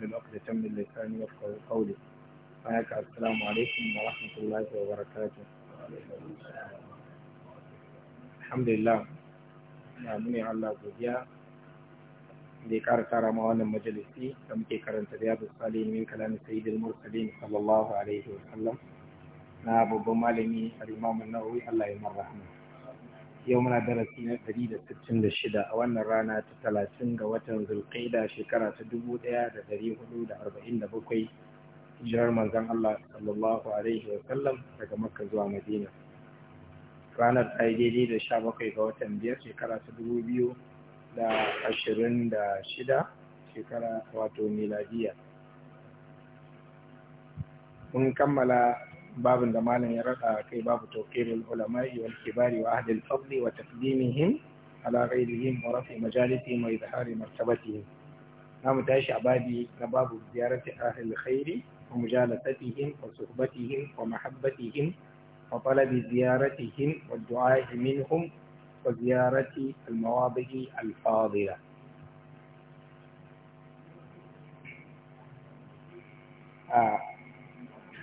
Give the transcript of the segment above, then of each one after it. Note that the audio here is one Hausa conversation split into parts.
واحلل عقدة من لساني يفقهوا قولي معك السلام عليكم ورحمة الله وبركاته الحمد لله na muni Allah godiya da ya ƙara tara ma wannan majalisi da muke karanta riyadu salihin min kalamin sayyidul mursalin sallallahu alaihi wa sallam na babban malami al-imam an Allah ya marhama yau muna darasi na 166 a wannan rana ta 30 ga watan zulqaida shekara ta 1447 hijirar manzon Allah sallallahu alaihi wa sallam daga Makka zuwa Madina ranar ta yi daidai da 17 ga watan biyar shekara ta 2026 shekara wato miladiya mun kammala باب ما لم يرى باب توقير العلماء والكبار وأهل الفضل وتقديمهم على غيرهم ورفع مجالتهم وإظهار مرتبتهم نعم تعيش عبادي نباب زيارة أهل الخير ومجالستهم وصحبتهم ومحبتهم وطلب زيارتهم والدعاء منهم وزيارة المواضع الفاضلة آه.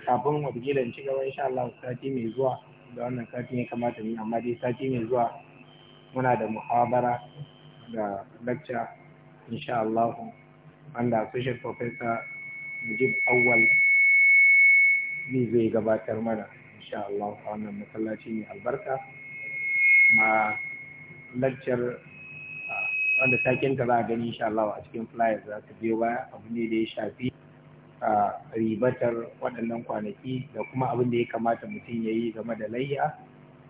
kafin watakila in ci gaba insha Allah sati mai zuwa da wannan sati ya kamata mu amma dai sati mai zuwa muna da muhabara da lecture insha Allah wanda associate professor Najib Awwal ni zai gabatar mana insha Allah wannan masallaci mai albarka ma lecture wanda takinta za a gani insha Allah a cikin flyers za ta biyo baya abu ne da ya shafi ribatar waɗannan kwanaki da kuma abin da ya kamata mutum ya yi game da layya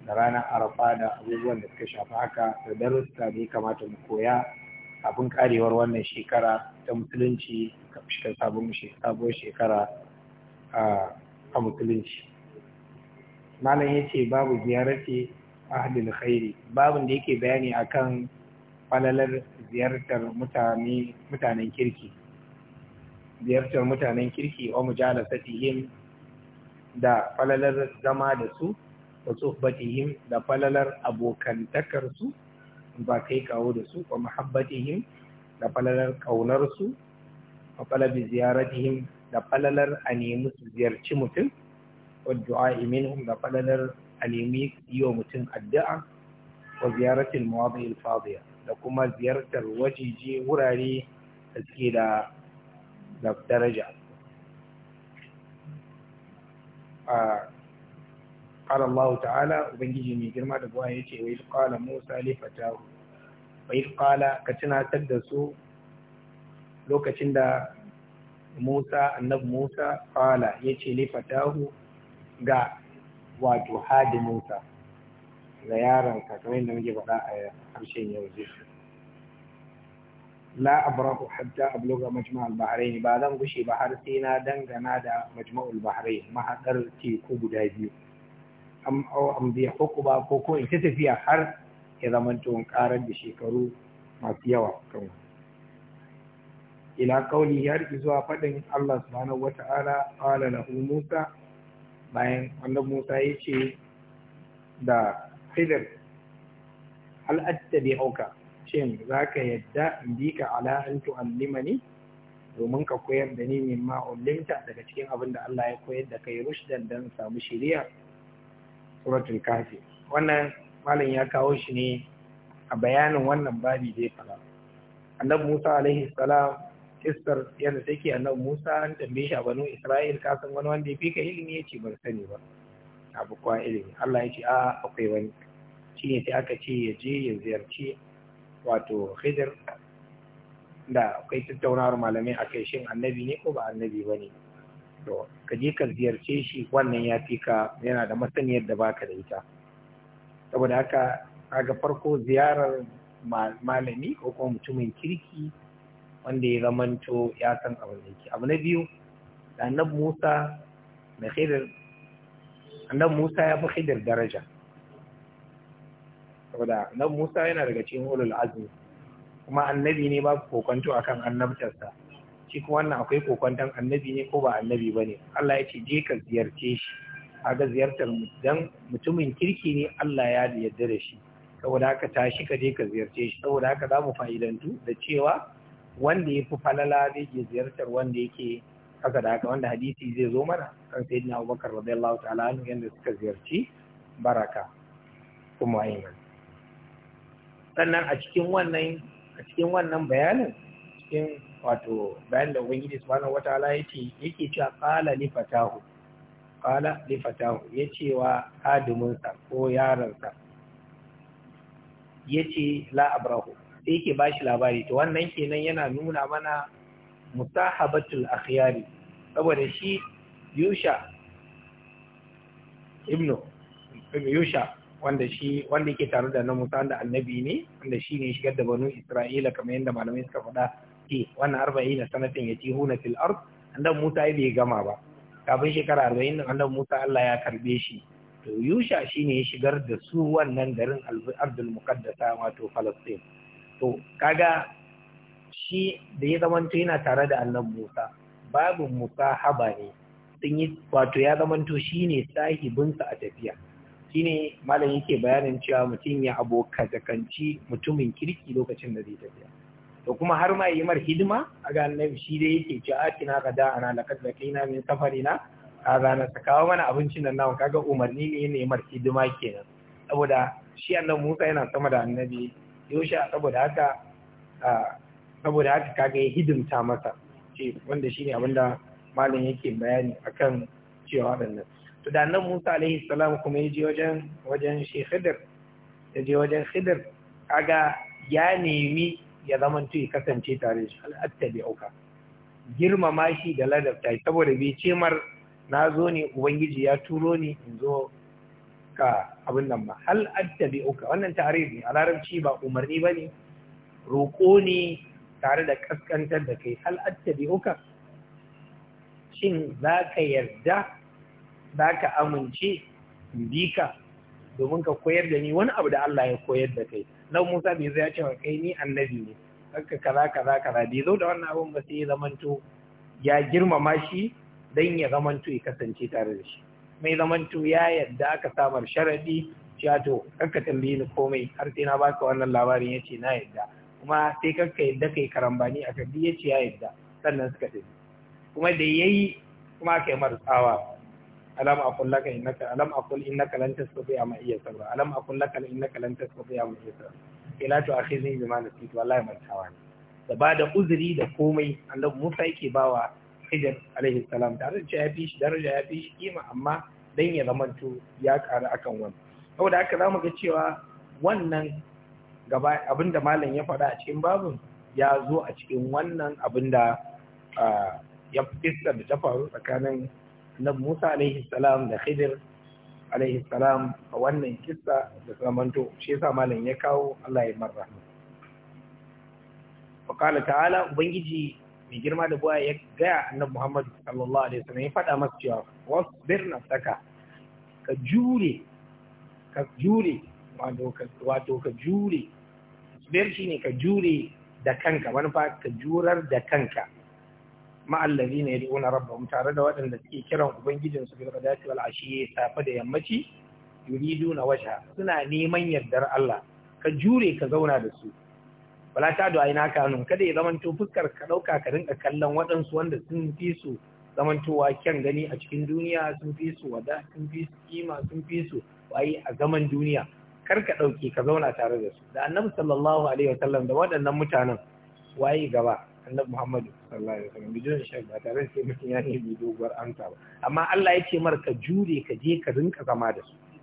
da ranar arafa da abubuwan da suka shafi haka da darussa da ya kamata mu koya abin karewar wannan shekara ta musulunci kafin sabon sabuwar shekara a musulunci malam ya ce babu ziyararci ahlul khairi babin da yake bayani akan falalar ziyartar mutanen kirki ziyartar mutanen kirki wa mujalasatihim da falalar zama da su wa suhbatihim da falalar abokantakar su ba kai kawo da su wa muhabbatihim da falalar kaunar su wa falabi ziyaratihim da falalar a nemi su ziyarci mutum wa du'a minhum da falalar a nemi yi wa mutum addu'a wa ziyaratil mawadi al da kuma ziyartar wajiji wurare da suke da da daraja a قال ta'ala تعالى وبنجي mai girma da gowa ce, wa iz Musa li hu! wa iz qala ka tunatar da su lokacin da Musa annabi Musa qala yace li hu!" ga wato hadi Musa ga yaron ka kamar muke baɗa a harshen yau zai la abrahu hatta abluga majma'ul bahrain ba zan gushe ba har sai na dangana da majma'ul bahrain mahadar teku guda biyu am aw am bi hukuba ko ko in tafiya har ya zamanto in karar da shekaru masu yawa kan ila kauli ya zuwa faɗin Allah subhanahu wata'ala qala lahu Musa bayan annabi Musa yace da Khidir hal attabi'uka Cin za ka yadda in bi ka ala an tu'allimani domin ka koyar da ni ma ullimta daga cikin abin da Allah ya koyar da kai rushdan dan samu shiriya suratul kafi wannan malam ya kawo shi ne a bayanin wannan babi zai fara annabi Musa alaihi salam kistar yadda take annabi Musa an tambaye shi a Isra'il ka san wani wanda ya fi ka ilimi yace bar sani ba abu kwa ilimi Allah ya ce a akwai wani shine sai aka ce ya je ya ziyarci wato Khidir da kai tattaunawar malamai a kai shin annabi ne ko ba annabi ba ne to ka je ka ziyarce shi wannan ya fi ka yana da masaniyar da baka da ita saboda haka kaga farko ziyarar malami ko kuma mutumin kirki wanda ya zamanto ya san abin da yake abu na biyu da annabi Musa da Khidir annabi Musa ya fi Khidir daraja saboda nan Musa yana daga cikin ulul azmi kuma annabi ne ba kokonto akan annabtarsa shi kuma wannan akwai kokonton annabi ne ko ba annabi bane Allah ya ce je ka ziyarce shi kaga ziyartar dan mutumin kirki ne Allah ya yarda da shi saboda haka tashi ka je ka ziyarce shi saboda haka za mu fa'idantu da cewa wanda ya fi falala zai ke ziyartar wanda yake haka da haka wanda hadisi zai zo mana kan sayyidina Abubakar radiyallahu ta'ala anhu yanda suka ziyarci baraka kuma ayyana sannan a cikin wannan a cikin wannan bayanin cikin wato bayan da ubangiji subhanahu wataala yace yake cewa qala li fatahu qala li fatahu yace wa hadimin sa ko yaron sa yace la abrahu sai yake bashi labari to wannan kenan yana nuna mana musahabatul akhyari saboda shi yusha ibnu yusha wanda shi wanda yake tare da na Musa da annabi ne wanda shi ne shigar da banu Isra'ila kamar yadda malamai suka faɗa ke wannan arba'ina sanatin yatihuna fil ard annab Musa bai gama ba kafin shekara arba'in nan annab Musa Allah ya karbe shi to Yusha shi ya shigar da su wannan garin Ardul Muqaddasa wato Palestine to kaga shi da ya zamanto yana tare da annab Musa babu musahaba ne sun yi wato ya zamanto shine sahibinsa a tafiya shine malam yake bayanin cewa mutum ya kanci mutumin kirki lokacin da zai tafiya to kuma har ma yi mar hidima a ga annabi shi dai yake ce ka da ana laqad laqina min a ga na sakawa mana abincin nan nawa kaga umarni ne ne mar hidima kenan saboda shi annabi Musa yana sama da annabi Yosha saboda haka saboda haka kaga ya hidimta masa ce wanda shine abinda malam yake bayani akan cewa waɗannan to da nan Musa alaihi salam kuma ya je wajen wajen shi Khidir ya wajen Khidir aga ya nemi ya zama ya kasance tare da shi al'attabi'uka girmama shi da ladabta saboda bai ce mar na zo ne ubangiji ya turo ni in zo ka abin nan ba hal attabi'uka wannan tarihi ne a larabci ba umarni ba ne roƙo ne tare da kaskantar da kai hal attabi'uka shin za ka yarda za ka amince in bi ka domin ka koyar da ni wani abu da Allah ya koyar da kai nan Musa bai zai cewa kai ni annabi ne haka kaza kaza kaza bai zo da wannan abun ba sai ya zamanto ya girmama shi dan ya zamanto ya kasance tare da shi mai zamanto ya yadda aka samar sharadi cewa to kakka tambayi ni komai har sai na baka wannan labarin yace na yadda kuma sai kakka yadda kai karambani a kaddi yace ya yadda sannan suka tafi kuma da yayi kuma kai martsawa alam aqul laka innaka alam aqul innaka lan tastati'a ma iya sabra alam aqul laka innaka lan tastati'a ma iya sabra ila to akhizni bima nasitu wallahi mantawa tawani da ba da uzuri da komai annabi Musa yake bawa Hijr alaihi salam da da ya fi shi daraja ya fi shi kima amma dan ya to ya kare akan wani saboda haka zamu ga cewa wannan gaba abinda malam ya faɗa a cikin babun ya zo a cikin wannan abinda ah, ya fista da ta faru tsakanin annabi Musa alaihi salam da Khidir alaihi salam a wannan kissa da zamanto shi yasa malam ya kawo Allah ya marra wa kana ta'ala ubangiji mai girma da buwa ya gaya annabi Muhammad sallallahu alaihi wasallam ya faɗa masa cewa wasbir nafsaka ka jure ka jure wato ka jure isbir shine ka jure da kanka manufa ka jurar da kanka ma'allazi ne yad'una rabbahum tare da waɗanda suke kiran ubangijinsu su bil ghadati wal ashiyi safa da yammaci yuriduna wajha suna neman yardar Allah ka jure ka zauna da su wala ta do aina kanun kada ya zamanto fuskar ka dauka ka rinka kallon waɗansu wanda sun fi su zamantowa kyan gani a cikin duniya sun fi su wada sun fi su kima sun fi su waye a zaman duniya kar ka dauke ka zauna tare da su da annabi sallallahu alaihi wasallam da waɗannan mutanen waye gaba annabi Muhammadu sallallahu alaihi wasallam bidiyon shi ba tare sai mutum ya nemi doguwar amsa ba amma Allah ya ce mar ka jure ka je ka rinka zama da su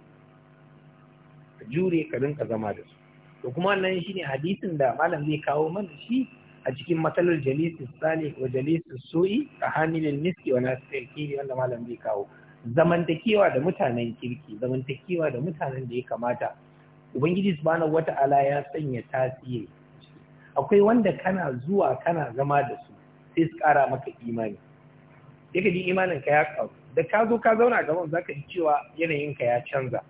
ka jure ka rinka zama da su to kuma wannan shine hadisin da malam zai kawo mana shi a cikin matsalar jalisi salih wa jalisi su'i a hamilin miski wa nasir kiri malam zai kawo zamantakewa da mutanen kirki zamantakewa da mutanen da ya kamata ubangiji subhanahu wata'ala ya sanya tasiri akwai wanda kana zuwa kana zama da su sai su kara maka imani yake ji imanin ka ya ƙaru da ka zo ka zauna gaban zaka ji cewa yanayin ka ya canza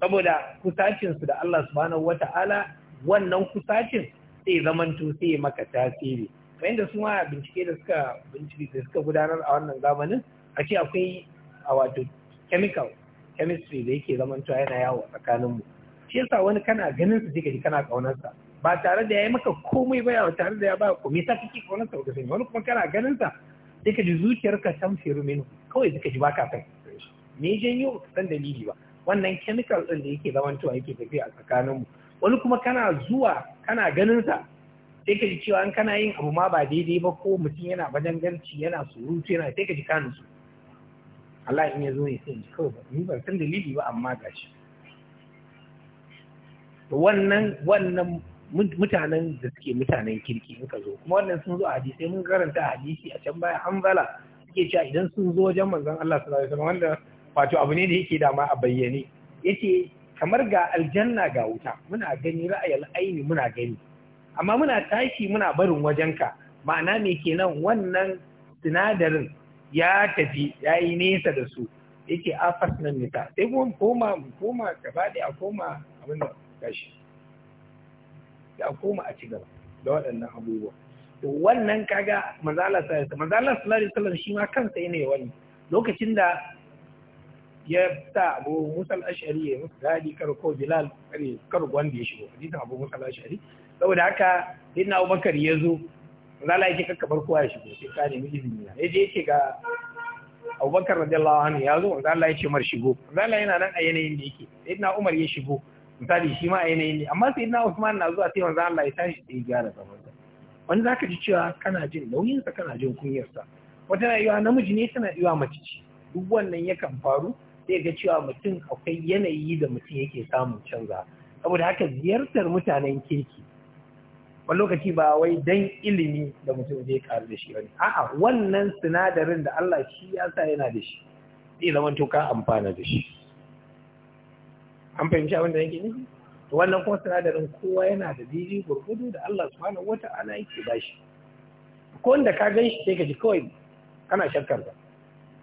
saboda kusacin su da Allah subhanahu wata'ala wannan kusacin sai zamanto sai maka tasiri kamar da su ma bincike da suka bincike da suka gudanar a wannan zamanin a ce akwai a wato chemical chemistry da yake zamanto yana yawo tsakanin mu shi yasa wani kana ganin su sai ji kana kaunar sa ba tare da ya yi maka komai ba ba tare da ya ba ku me ta kake kaunar sa sani wani kuma kana ganin sa sai ka ji zuciyarka tan firu minu kawai suka ji baka kai me janyo san dalili ba wannan chemical din da yake tuwa yake tafiya a tsakaninmu wani kuma kana zuwa kana ganin sa sai ka ji cewa in kana yin abu ma ba daidai ba ko mutum yana badangarci yana surutu yana sai ka ji kanu su Allah in ya zo ya sai kawai ba ni ban san dalili ba amma gashi wannan wannan mutanen da suke mutanen kirki in ka zo kuma wannan sun zo a hadisi mun karanta a hadisi a can baya hanzala suke cewa idan sun zo wajen manzon Allah sallallahu alaihi wanda wato abu ne da yake ma a bayyane yace kamar ga aljanna ga wuta muna gani ra'ayal aini muna gani amma muna tashi muna barin wajenka ma'ana me kenan wannan sinadarin ya tafi ya yi nesa da su yake afas nan nisa sai kuma koma koma gaba da a koma abin da gashi da a koma a ci gaba da waɗannan abubuwa to wannan kaga manzala manzala sallallahu alaihi shi ma kansa yana wani lokacin da ya sa abu musal ashari ya musu gadi kar ko bilal kar gwanda ya shigo hadisin abu musal ashari saboda haka din na abubakar ya zo zala yake bar kowa ya shigo sai ka nemi izini ya je yake ga abubakar radiyallahu anhu ya zo zala ya ce mar shigo zala yana nan a yanayin da yake din na umar ya shigo misali shi ma a yanayi ne amma sai na Usman na zuwa sai manzo Allah ya tashi sai gyara zaman sa wani zaka ji cewa kana jin nauyin sa kana jin kunyar sa wata rayuwa namiji ne tana yiwa mace ce duk wannan yakan faru sai ga cewa mutum akwai yanayi da mutum yake samun canza saboda haka ziyartar mutanen kirki wani lokaci ba wai dan ilimi da mutum zai karu da shi bane a'a wannan sinadarin da Allah shi ya sa yana da shi zai zama to ka amfana da shi an fahimci abin da yake nufi to wannan kuma sinadarin kowa yana da daidai gurgudu da Allah subhanahu wata'ala yake bashi ko wanda ka gan shi sai ka ji kawai kana shakkar ba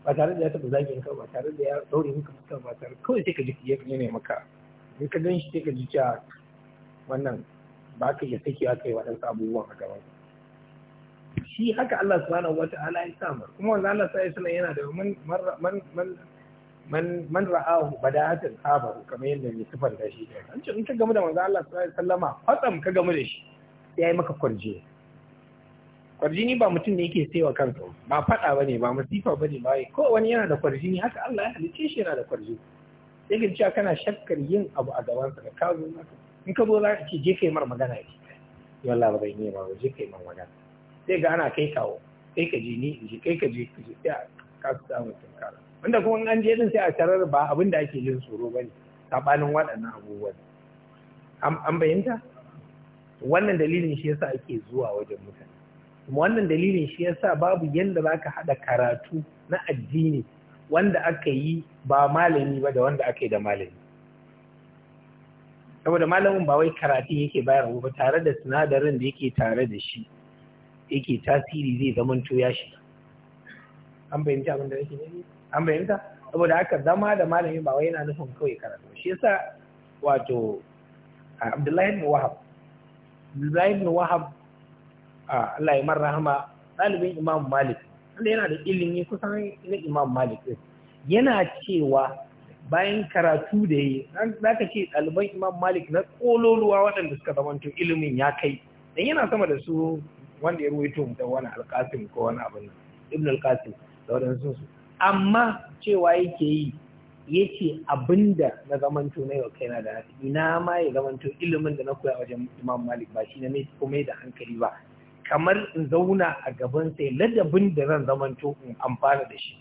ba tare da ya taɓa zagin ka ba tare da ya ɗaure maka fuskar ba tare kawai sai ka ji ya ne maka in ka gan shi sai ka ji cewa wannan ba ka iya sake ya kai waɗansu abubuwan a gaban shi haka Allah subhanahu wata'ala ya samar kuma wannan Allah sai yana da man man man man ra'ahu bada'atan habahu kamar yadda mai sifar da shi an ce in ka gamu da manzo Allah sallallahu alaihi wasallama fatsam ka gamu da shi ya yi maka kwarje kwarjini ba mutum ne yake saiwa kansa ba fada bane ba masifa bane ba ko wani yana da kwarjini haka Allah ya halice shi yana da kwarjini sai ka cewa kana shakkar yin abu a gaban sa ka zo maka in ka zo za ka ce je kai mar magana ne yalla ba zan yi ba je kai mar magana sai ga ana kai kawo kai ka je ni in je kai ka je ka je ka samu tunkara wanda kuma an je din sai a tarar ba abin da ake jin tsoro bane sabanin waɗannan abubuwan an bayyanta wannan dalilin shi yasa ake zuwa wajen mutane kuma wannan dalilin shi yasa babu yadda za ka haɗa karatu na addini wanda aka yi ba malami ba da wanda aka yi da malami saboda malamin ba wai karatu yake bayarwa ba tare da sinadarin da yake tare da shi yake tasiri zai zamanto ya shi an bayyanta abin da yake ne an bayyanta saboda haka zama da malami ba wai yana nufin kawai karatu shi yasa wato Abdullahi ibn Wahab Abdullahi ibn Wahab Allah ya rahama dalibin Imam Malik wanda yana da ilimi kusan na Imam Malik yana cewa bayan karatu da yi za ka ce ɗaliban Imam Malik na ƙololuwa waɗanda suka zamanto ilimin ya kai dan yana sama da su wanda ya ruwaito da wani alƙasim ko wani abin nan Ibn al da waɗansu su amma cewa yake yi yace abinda na zamanto na yau kaina da ina ma ya zamanto ilimin da na koya wajen Imam Malik ba shi na mai komai da hankali ba kamar in zauna a gaban sai ladabin da zan zamanto in amfana da shi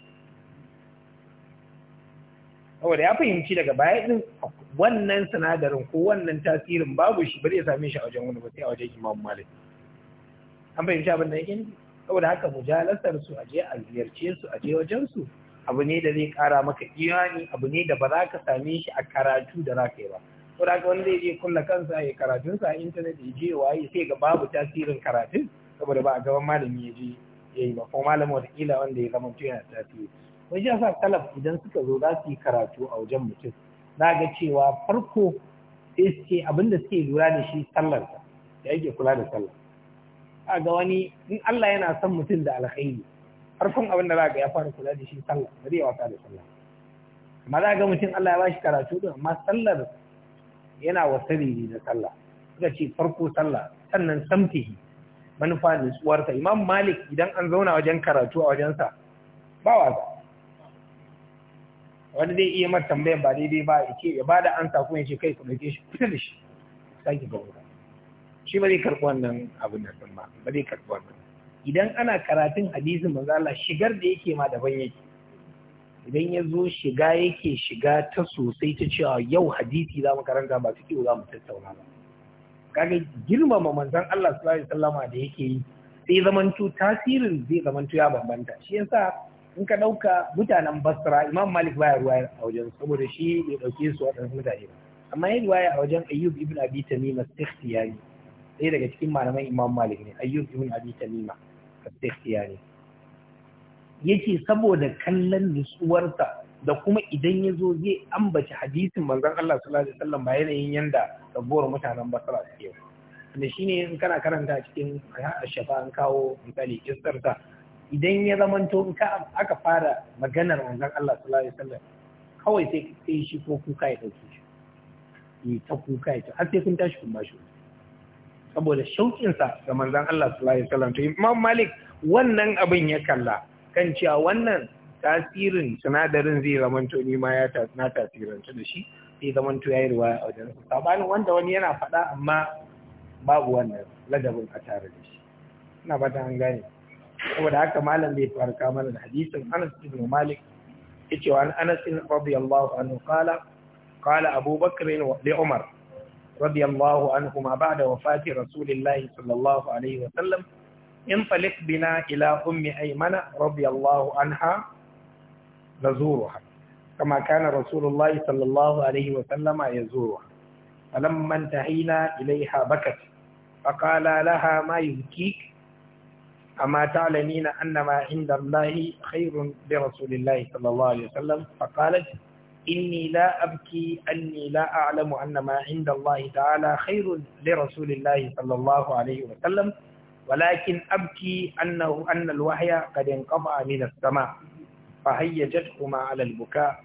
saboda ya fahimci daga baya din wannan sinadarin ko wannan tasirin babu shi bari ya same shi a wajen wani ba sai a wajen Imam Malik an fahimci abin da yake saboda haka mujalasar su aje a ziyarce su aje wajen su abu ne da zai kara maka imani abu ne da ba za ka same shi a karatu da za ka yi ba saboda haka wanda zai je kulla kansa ya karatun sa a intanet ya je waye sai ga babu tasirin karatun saboda ba a gaban malami ya je ya yi ba ko malamin watakila wanda ya zama yana tasiri wani ya sa talaf idan suka zo za su yi karatu a wajen mutum za ga cewa farko sai suke abinda suke lura da shi sallar ta, ya yake kula da sallar a ga wani in Allah yana son mutum da alkhairi farkon abin da za ga ya fara kula da shi sallah ba zai wasa da sallah amma za ga mutum Allah ya bashi karatu din amma sallar yana ne da sallah suka ce farko sallah sannan samtihi manufa nutsuwarsa imam malik idan an zauna wajen karatu a wajensa ba wasa wani zai iya mata tambayan ba daidai ba ya ce ya bada ansa kuma ya ce kai ku dauke shi kusa da shi sake ga wuta shi ba zai karɓi wannan abin da ba ba zai karɓi wannan idan ana karatun hadisin manzo Allah shigar da yake ma daban yake idan ya zo shiga yake shiga ta sosai ta cewa yau hadisi za mu karanta ba ta za mu tattauna ba kaga girmama manzon Allah sallallahu alaihi wasallama da yake yi sai zamantu tasirin zai zamantu ya bambanta shi yasa in ka dauka mutanen Basra Imam Malik baya ruwa a wajen saboda shi bai dauke su waɗansu mutane ba amma ya ruwa a wajen Ayyub ibn Abi Tamim as-Sikhtiyani ɗaya daga cikin malaman imam malik ne ayyub ibn abi tamima as-sikhtiyani yace saboda kallon nutsuwarsa da kuma idan ya zo zai ambaci hadisin manzon Allah sallallahu alaihi wasallam ba yanayin yanda sabuwar mutanen basara suke yau da shine in kana karanta cikin shafa an kawo misali kissarsa idan ya zamanto in ka aka fara maganar manzon Allah sallallahu alaihi wasallam kawai sai sai shi ko kuka ya dauke ta kuka ya har sai kun tashi kun bashi saboda shauƙinsa ga manzan Allah sallallahu alaihi wasallam Imam Malik wannan abin ya kalla kan cewa wannan tasirin sinadarin zai zamanto ni ma ya na tasirantu da shi sai zamanto yayi riwaya a wajen sabanin wanda wani yana faɗa amma babu wannan ladabin a tare da shi ina ba an gane saboda haka malam bai farka mana da hadisin Anas ibn Malik yace wa Anas radiyallahu anhu qala qala Abu Bakr li Umar رضي الله عنهما بعد وفاة رسول الله صلى الله عليه وسلم انطلق بنا إلى أم أيمن رضي الله عنها نزورها كما كان رسول الله صلى الله عليه وسلم يزورها فلما انتهينا إليها بكت فقال لها ما يبكيك أما تعلمين أن ما عند الله خير لرسول الله صلى الله عليه وسلم فقالت inni la abki anni la a'lamu annama indallahi ta'ala khairun li rasulillahi sallallahu alaihi wa sallam walakin abki annahu anna alwahya qad inqata min as-sama fa hiya jadhuma 'ala al-buka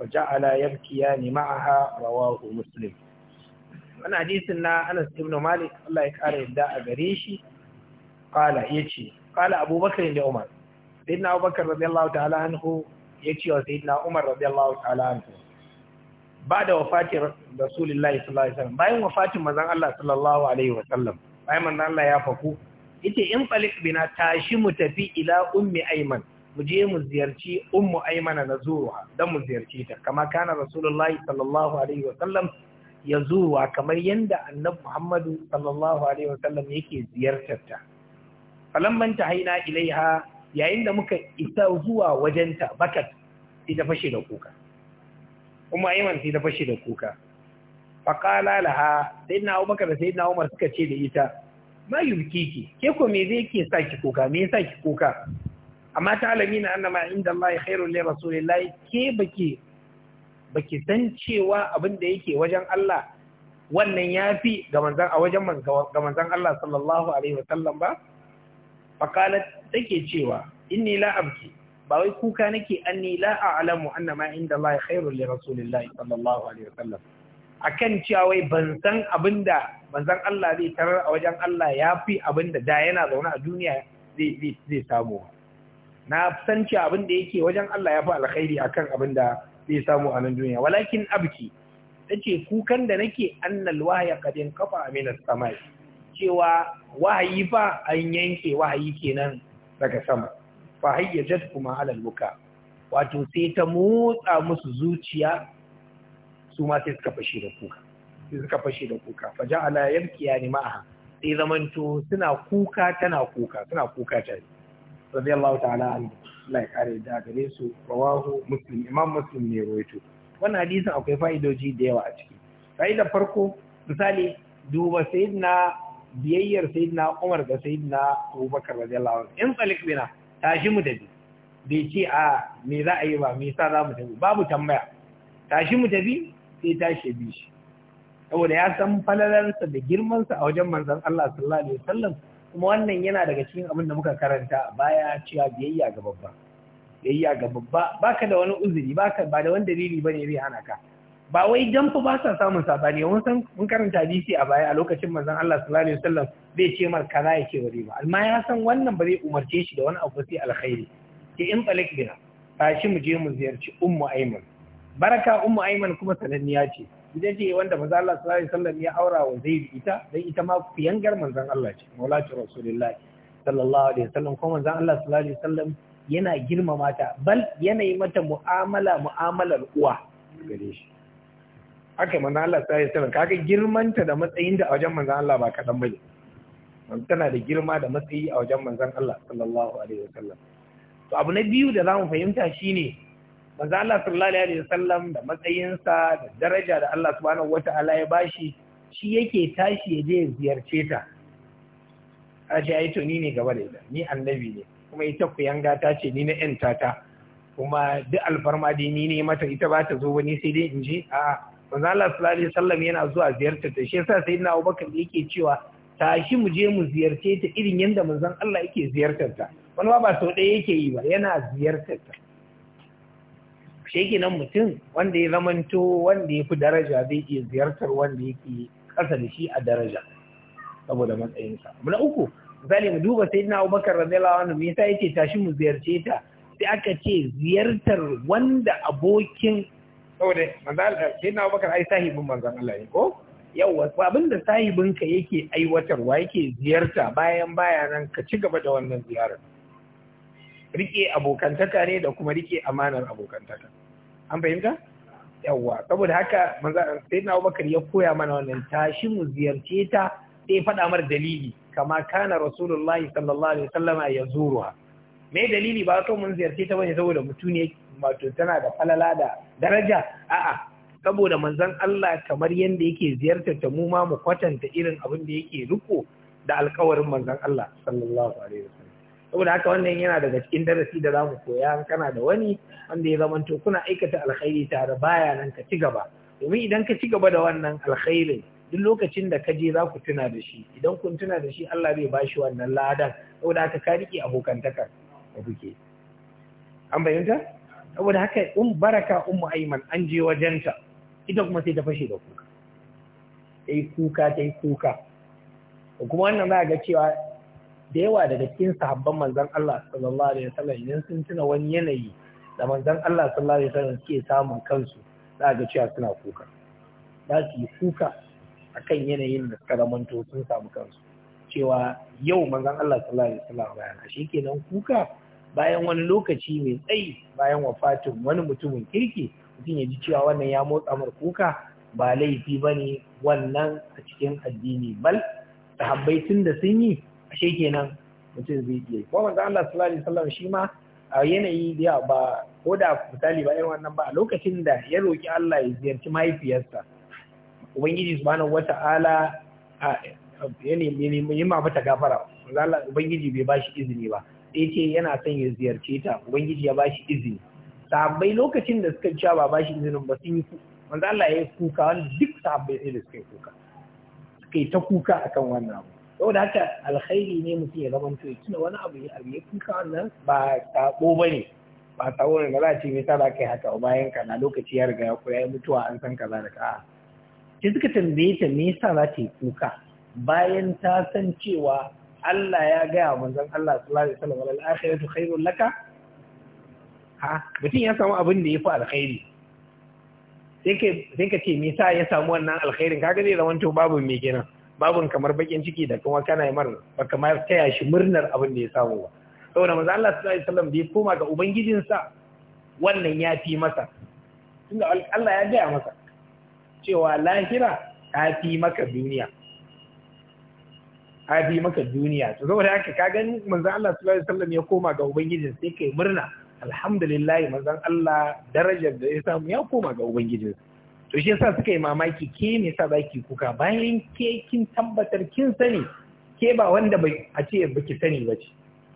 wa ja'ala yabkiyan ma'aha rawahu muslim wannan hadisin na Anas ibn Malik Allah ya kare yadda a gare shi qala yace qala Abu Bakr ibn Umar Ibn Abu Bakr radiyallahu ta'ala anhu ya ce wa sayyidina Umar radiyallahu ta'ala anhu ba da wafatin Rasulullahi sallallahu alaihi wasallam bayan wafatin manzon Allah sallallahu alaihi wasallam bayan manzon Allah ya faku yace in talik bina tashi mu tafi ila ummi aiman mu je mu ziyarci ummu na nazuruha don mu ziyarci ta kama kana Rasulullahi sallallahu alaihi wasallam yazuwa kamar yadda Annabi Muhammadu sallallahu alaihi wasallam yake ziyartar ta falamman tahina ilaiha yayin da muka isa zuwa wajenta bakat sai ta fashe da kuka kuma Iman sai ta fashe da kuka faqala laha sai na umar da sai na Umar suka ce da ita ma yubkiki ke ko me zai ke saki kuka me yasa ki kuka amma ta na, annama inda Allah ya khairu li rasulillahi ke baki baki san cewa abin da yake wajen Allah wannan yafi ga manzon a wajen manzon Allah sallallahu alaihi wasallam ba faqalat take cewa in ni la'abki, ba wai kuka nake anni la a'lamu anna ma inda Allah khairul li rasulillah sallallahu alaihi wasallam akan cewa wai ban san abinda manzon Allah zai tarar a wajen Allah ya fi abinda da yana zaune a duniya zai zai samu na san cewa abinda yake wajen Allah ya fi alkhairi a akan abinda zai samu a nan duniya walakin abki ce kukan da nake annal wahya qad kafa min as-samai cewa wahayi fa an yanke wahayi kenan daga sama fa hayyajat kuma alal buka wato sai ta motsa musu zuciya su ma sai suka fashe da kuka sai suka fashe da kuka fa ja'ala ni ma'a sai zamanto suna kuka tana kuka suna kuka tare radiyallahu ta'ala anhu Allah ya kare da gare su rawahu muslim imam muslim ne rawaito wannan hadisin akwai fa'idoji da yawa a ciki da farko misali duba sayyidina biyayyar sayyidina Umar da sayyidina Abubakar radiyallahu anhu in tsalik bina tashi mu tafi bai ce a me za a yi ba me yasa za mu tafi babu tambaya tashi mu tafi sai tashi bi shi saboda ya san falalarsa da girmansa a wajen manzon Allah sallallahu alaihi wasallam kuma wannan yana daga cikin abin da muka karanta baya cewa biyayya ga babba biyayya ga babba baka da wani uzuri baka ba da wani dalili bane zai hana ka ba wai dan fa ba sa samun sabani Wannan san mun karanta hadisi a baya a lokacin manzon Allah sallallahu alaihi wasallam bai ce mar kaza ya ce bari ba amma ya san wannan ba zai umarce shi da wani abu sai alkhairi ke in balik bina tashi mu je mu ziyarci ummu aiman baraka ummu aiman kuma sananniya ce idan je wanda manzon Allah sallallahu alaihi wasallam ya aura wa zaid ita dan ita ma fiyangar manzon Allah ce maulati rasulullahi sallallahu alaihi wasallam kuma manzon Allah sallallahu alaihi wasallam yana girmama ta bal yanayi mata mu'amala mu'amalar uwa gare shi Haka manzan Allah sai ya wasallam kaga ta da matsayin da a wajen manzon Allah ba kaɗan bane tana da girma da matsayi a wajen manzon Allah sallallahu alaihi wasallam to abu na biyu da zamu fahimta shine manzon Allah sallallahu alaihi wasallam da matsayinsa da daraja da Allah subhanahu wataala ya bashi shi yake tashi ya je ya ziyarce ta a ce ai to ni ne gaba da ita ni annabi ne kuma ita kuyanga ta ce ni na yan tata kuma duk alfarma dai ni ne mata ita ba ta zo wani sai dai in je A'a. manzo Allah sallallahu alaihi wasallam yana zuwa ziyartar ta shi yasa sayyidina Abubakar yake cewa tashi mu je mu ziyarce ta irin yanda manzon Allah yake ziyartar ta wani ba sau ɗaya yake yi ba yana ziyartar ta shi nan mutum wanda ya zamanto wanda ya fi daraja zai iya ziyartar wanda yake ƙasa da shi a daraja saboda matsayinsa abu na uku misali mu duba sai na abubakar radiyallahu anhu me yasa yace tashi mu ziyarce ta sai aka ce ziyartar wanda abokin saboda manzala sai na abubakar ai sahibin manzan Allah ne ko yawa ko abinda sahibin ka yake aiwatarwa yake ziyarta bayan baya nan ka ci gaba da wannan ziyarar rike abokantaka ne da kuma rike amanar abokantaka an fahimta yawa saboda haka manzan sai na abubakar ya koya mana wannan tashi mu ziyarce ta sai faɗa mar dalili kama kana rasulullahi sallallahu alaihi wasallama ya zuruha Mai dalili ba to mun ziyarce ta bane saboda mutum ne wato tana da falala da daraja a'a saboda manzon Allah kamar yanda yake ziyartar ta mu ma mu kwatanta irin abin da yake riko da alƙawarin manzon Allah sallallahu alaihi wasallam saboda haka wannan yana daga cikin darasi da zamu koya kana da wani wanda ya zamanto kuna aikata alkhairi tare baya nan ka ci gaba domin idan ka ci gaba da wannan alkhairin duk lokacin da ka je za ku tuna da shi idan kun tuna da shi Allah zai ba shi wannan ladan saboda haka ka rike abokantakar da kuke an bayyanta saboda haka in um, baraka ummu aiman an je wajenta ita kuma sai ta fashe da kuka ta yi kuka ta yi kuka kuma wannan za a ga cewa da yawa daga cikin sahabban manzan Allah sallallahu alaihi wasallam idan sun tuna wani yanayi da manzan Allah sallallahu alaihi wasallam suke samun kansu za a ga cewa suna kuka za su yi kuka akan yanayin da suka ramanto sun samu kansu cewa yau manzan Allah sallallahu alaihi wasallam bayan kenan kuka bayan wani lokaci mai tsayi bayan wafatin wani mutumin kirki mutum ya ji cewa wannan ya motsa mar kuka ba laifi ba ne wannan a cikin addini bal habbai tun da sun yi ashe nan, mutum zai iya kuma manzo Allah sallallahu alaihi wasallam shi ma a yanayi da ba ko da misali ba irin wannan ba a lokacin da ya roki Allah ya ziyarci mahaifiyarsa ubangiji subhanahu wata'ala a ya nemi mata gafara manzo Allah ubangiji bai bashi izini ba sai ce yana son ya ziyarce ta ubangiji ya bashi izini sahabbai lokacin da suka cewa ba bashi izinin ba sun yi manzo Allah ya kuka wanda duk sahabbai sai da suka yi kuka suka yi ta kuka akan wannan abu saboda haka alkhairi ne mutum ya zama ya tuna wani abu ya abu ya kuka wannan ba sabo bane ba sabo ne ba za a ce me yasa ba kai haka bayan ka na lokaci ya riga ya koya ya mutuwa an san kaza da ka'a sai suka tambaye ta me yasa za ta yi kuka bayan ta san cewa Allah ya gaya wa manzon Allah sallallahu alaihi wasallam al akhiratu khairul laka ha mutum ya samu abin da ya fi alkhairi sai ka ce me sa ya samu wannan alkhairin kaga zai zama to babu me kenan babun kamar bakin ciki da kuma kana yi mar baka ma taya shi murnar abin da ya samu ba saboda manzo Allah sallallahu alaihi wasallam bai ya koma ga ubangijinsa wannan ya fi masa tunda Allah ya gaya masa cewa lahira ta fi maka duniya abi maka duniya to saboda haka ka gani manzon Allah sallallahu alaihi wasallam ya koma ga ubangijin sai kai murna alhamdulillah manzon Allah darajar da ya samu ya koma ga ubangijin to shi yasa suka yi mamaki ke me yasa baki kuka bayan ke kin tabbatar kin sani ke ba wanda bai a ce baki sani ba ce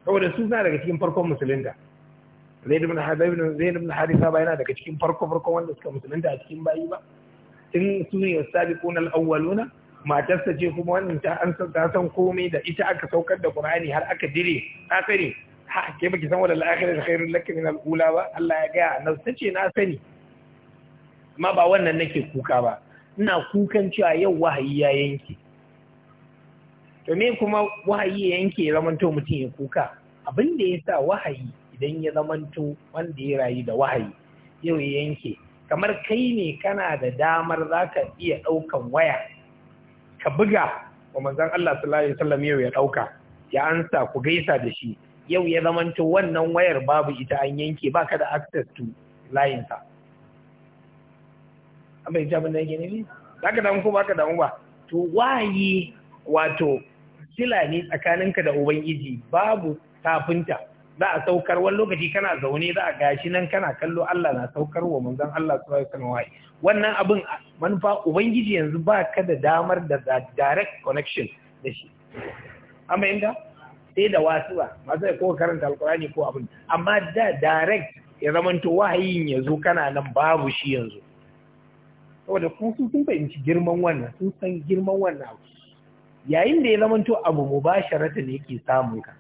saboda su suna daga cikin farkon musulunta zaid ibn habib zaid ibn Haritha ba yana daga cikin farko farko wanda suka musulunta a cikin bayi ba tun su ne al-awwaluna matarsa ce kuma wannan ta an san ta san komai da ita aka saukar da Qur'ani har aka dire ta sani ha ke baki san wala al akhirah khairul lak min al-ula ba Allah ya ga na tace na sani amma ba wannan nake kuka ba ina kukan cewa yau wahayi ya yanke to me kuma wahayi ya yanke ya zamanto mutum ya kuka abin da ya sa wahayi idan ya zamanto wanda ya rayu da wahayi yau ya yanke kamar kai ne kana da damar za ka iya ɗaukan waya ka buga wa manzan Allah sallallahu alaihi wasallam yau ya dauka ya ansa ku gaisa da shi yau ya zamanto wannan wayar babu ita an yanke baka da access to line sa amma ita abin da yake ne zaka damu ko baka da ba to waye wato sila ne tsakaninka da ubangiji babu tafinta za a saukar wani lokaci kana zaune za a gashi nan kana kallo Allah na saukar wa manzon Allah sallallahu alaihi wasallam wannan abin manufa ubangiji yanzu ba ka da damar da direct connection da shi amma inda sai da wasu ba masu ko karanta alkurani ko abin amma da direct ya zamanto wahayin ya zo kana nan babu shi yanzu saboda kun sun sun fahimci girman wannan sun san girman wannan abu yayin da ya zamanto abu ne yake samun ka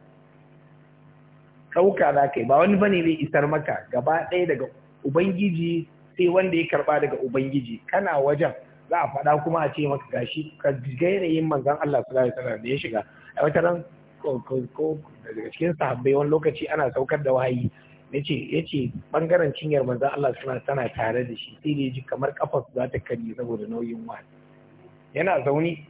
ɗauka za ka yi ba wani bane zai isar maka gaba ɗaya daga ubangiji sai wanda ya karɓa daga ubangiji kana wajen za a faɗa kuma a ce maka gashi ka ga yanayin manzan Allah su alaihi da ya shiga a wata ran ko daga cikin sahabbai wani lokaci ana saukar da wahayi yace ɓangaren ɓangaren cinyar manzan Allah sallallahu tana tare da shi sai da ya ji kamar kafar za ta karye saboda nauyin wahayi yana zaune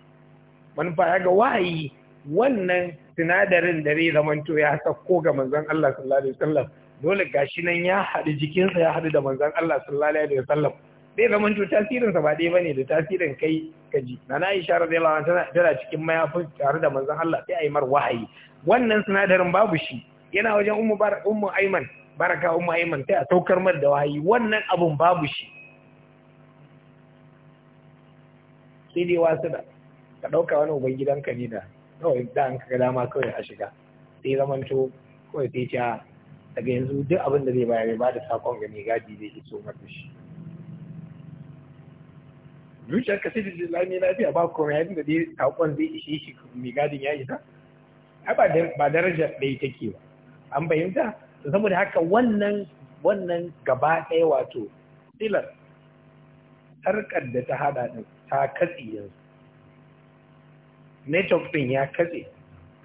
manufa ya ga wahayi wannan sinadarin da zai zamanto ya sauko ga manzon Allah sallallahu alaihi wasallam dole gashi nan ya haɗu jikinsa ya haɗu da manzon Allah sallallahu alaihi wasallam zai zamanto tasirinsa ba ɗaya bane da tasirin kai kaji nana Aisha radiyallahu anha tana cikin mayafin tare da manzon Allah sai ai mar wahayi wannan sinadarin babu shi yana wajen ummu ummu Aiman baraka ummu Aiman sai a saukar mar da wahayi wannan abun babu shi sai dai wasu da ka ɗauka wani ubangidanka ne da kawai da an kaga dama kawai a shiga sai to kawai sai ta daga yanzu duk abin da zai bayar ba da sakon ga gadi zai iso mar shi zuciyar ka sai da lami lafiya ba komai yayin da dai sakon zai ishe shi mai gadin ya isa ba darajar ɗaya take ba an bayyanta saboda haka wannan wannan gaba ɗaya wato silar harkar da ta hada ta katsi yanzu network din ya katse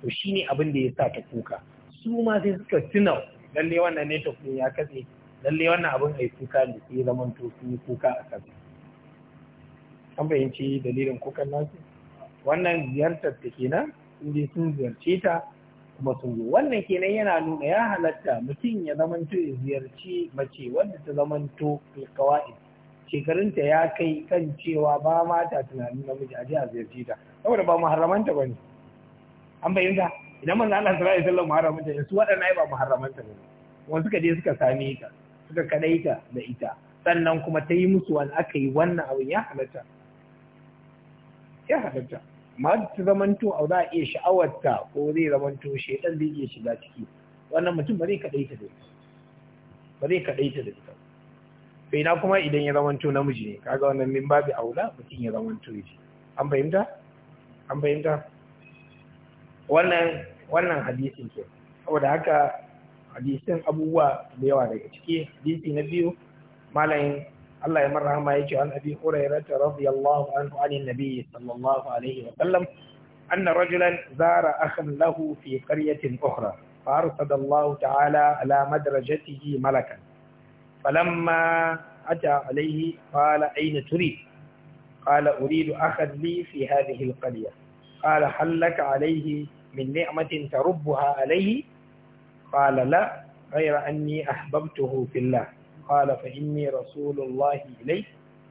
to shine abin da ya sa ta kuka su ma sai suka tuna lalle wannan network din ya katse lalle wannan abin ai kuka ne sai zaman to sun kuka a kansa an fahimci dalilin kukan nasu wannan ziyartar ta kenan sun je sun ziyarce ta kuma sun zo wannan kenan yana nuna ya halatta mutum ya to ya ziyarci mace wanda ta zamanto kawai shekarunta ya kai kan cewa ba mata tunanin namiji a je a ziyarci ta saboda ba muharramanta ba ne an bayyanta idan manzo Allah sallallahu alaihi wasallam muharramanta ne su waɗannan ai ba muharramanta ne wanda suka je suka same ta suka kadaita da ita sannan kuma ta yi musu wani aka yi wannan abin ya halatta ya halatta ma ta zamanto a za a iya sha'awarta ko zai zamanto shaidan zai iya shiga ciki wannan mutum ba zai kadaita da ita ba zai kadaita da ita sai na kuma idan ya zamanto namiji ne kaga wannan min babi aula mutum ya zamanto ji an fahimta an fahimta wannan wannan hadisin ke saboda haka hadisin abubuwa da yawa daga ciki hadisi na biyu malayin Allah ya marhama yake an abi hurairah radiyallahu anhu anin nabi sallallahu alaihi wa sallam anna rajulan zara akhan lahu fi qaryatin ukhra fa arsada Allah ta'ala ala madrajatihi malaka. falamma ata alaihi qala ayna turid قال أريد أخذ لي في هذه القرية قال هل لك عليه من نعمة تربها عليه قال لا غير أني أحببته في الله قال فإني رسول الله إليك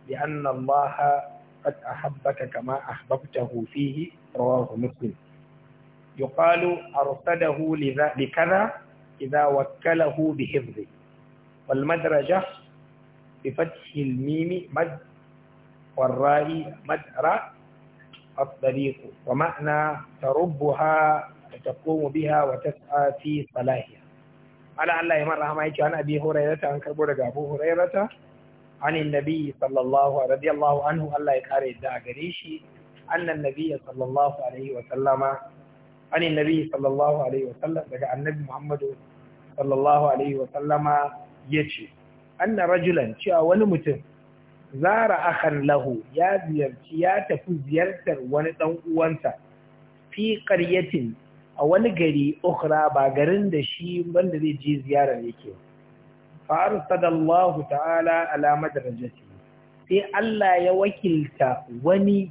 لأن الله قد أحبك كما أحببته فيه رواه مسلم يقال أرصده لكذا إذا وكله بحفظه والمدرجة بفتح الميم مد والراء مجرى الطريق ومعنى تربها وتقوم بها وتسعى في صلاحها على الله يمر رحمه يجي عن أبي هريرة عن كبر أبو هريرة عن النبي صلى الله رضي الله عنه الله يكاري الدعاء قريشي أن النبي صلى الله عليه وسلم عن النبي صلى الله عليه وسلم دقى النبي محمد صلى الله عليه وسلم يجي أن رجلا شاء ولمتن zara akan lahu ya ziyarci ya tafi ziyartar wani dan uwansa fi qaryatin a wani gari ukhra ba garin da shi banda zai je ziyarar yake fa arsadallahu ta'ala ala madrajati sai Allah ya wakilta wani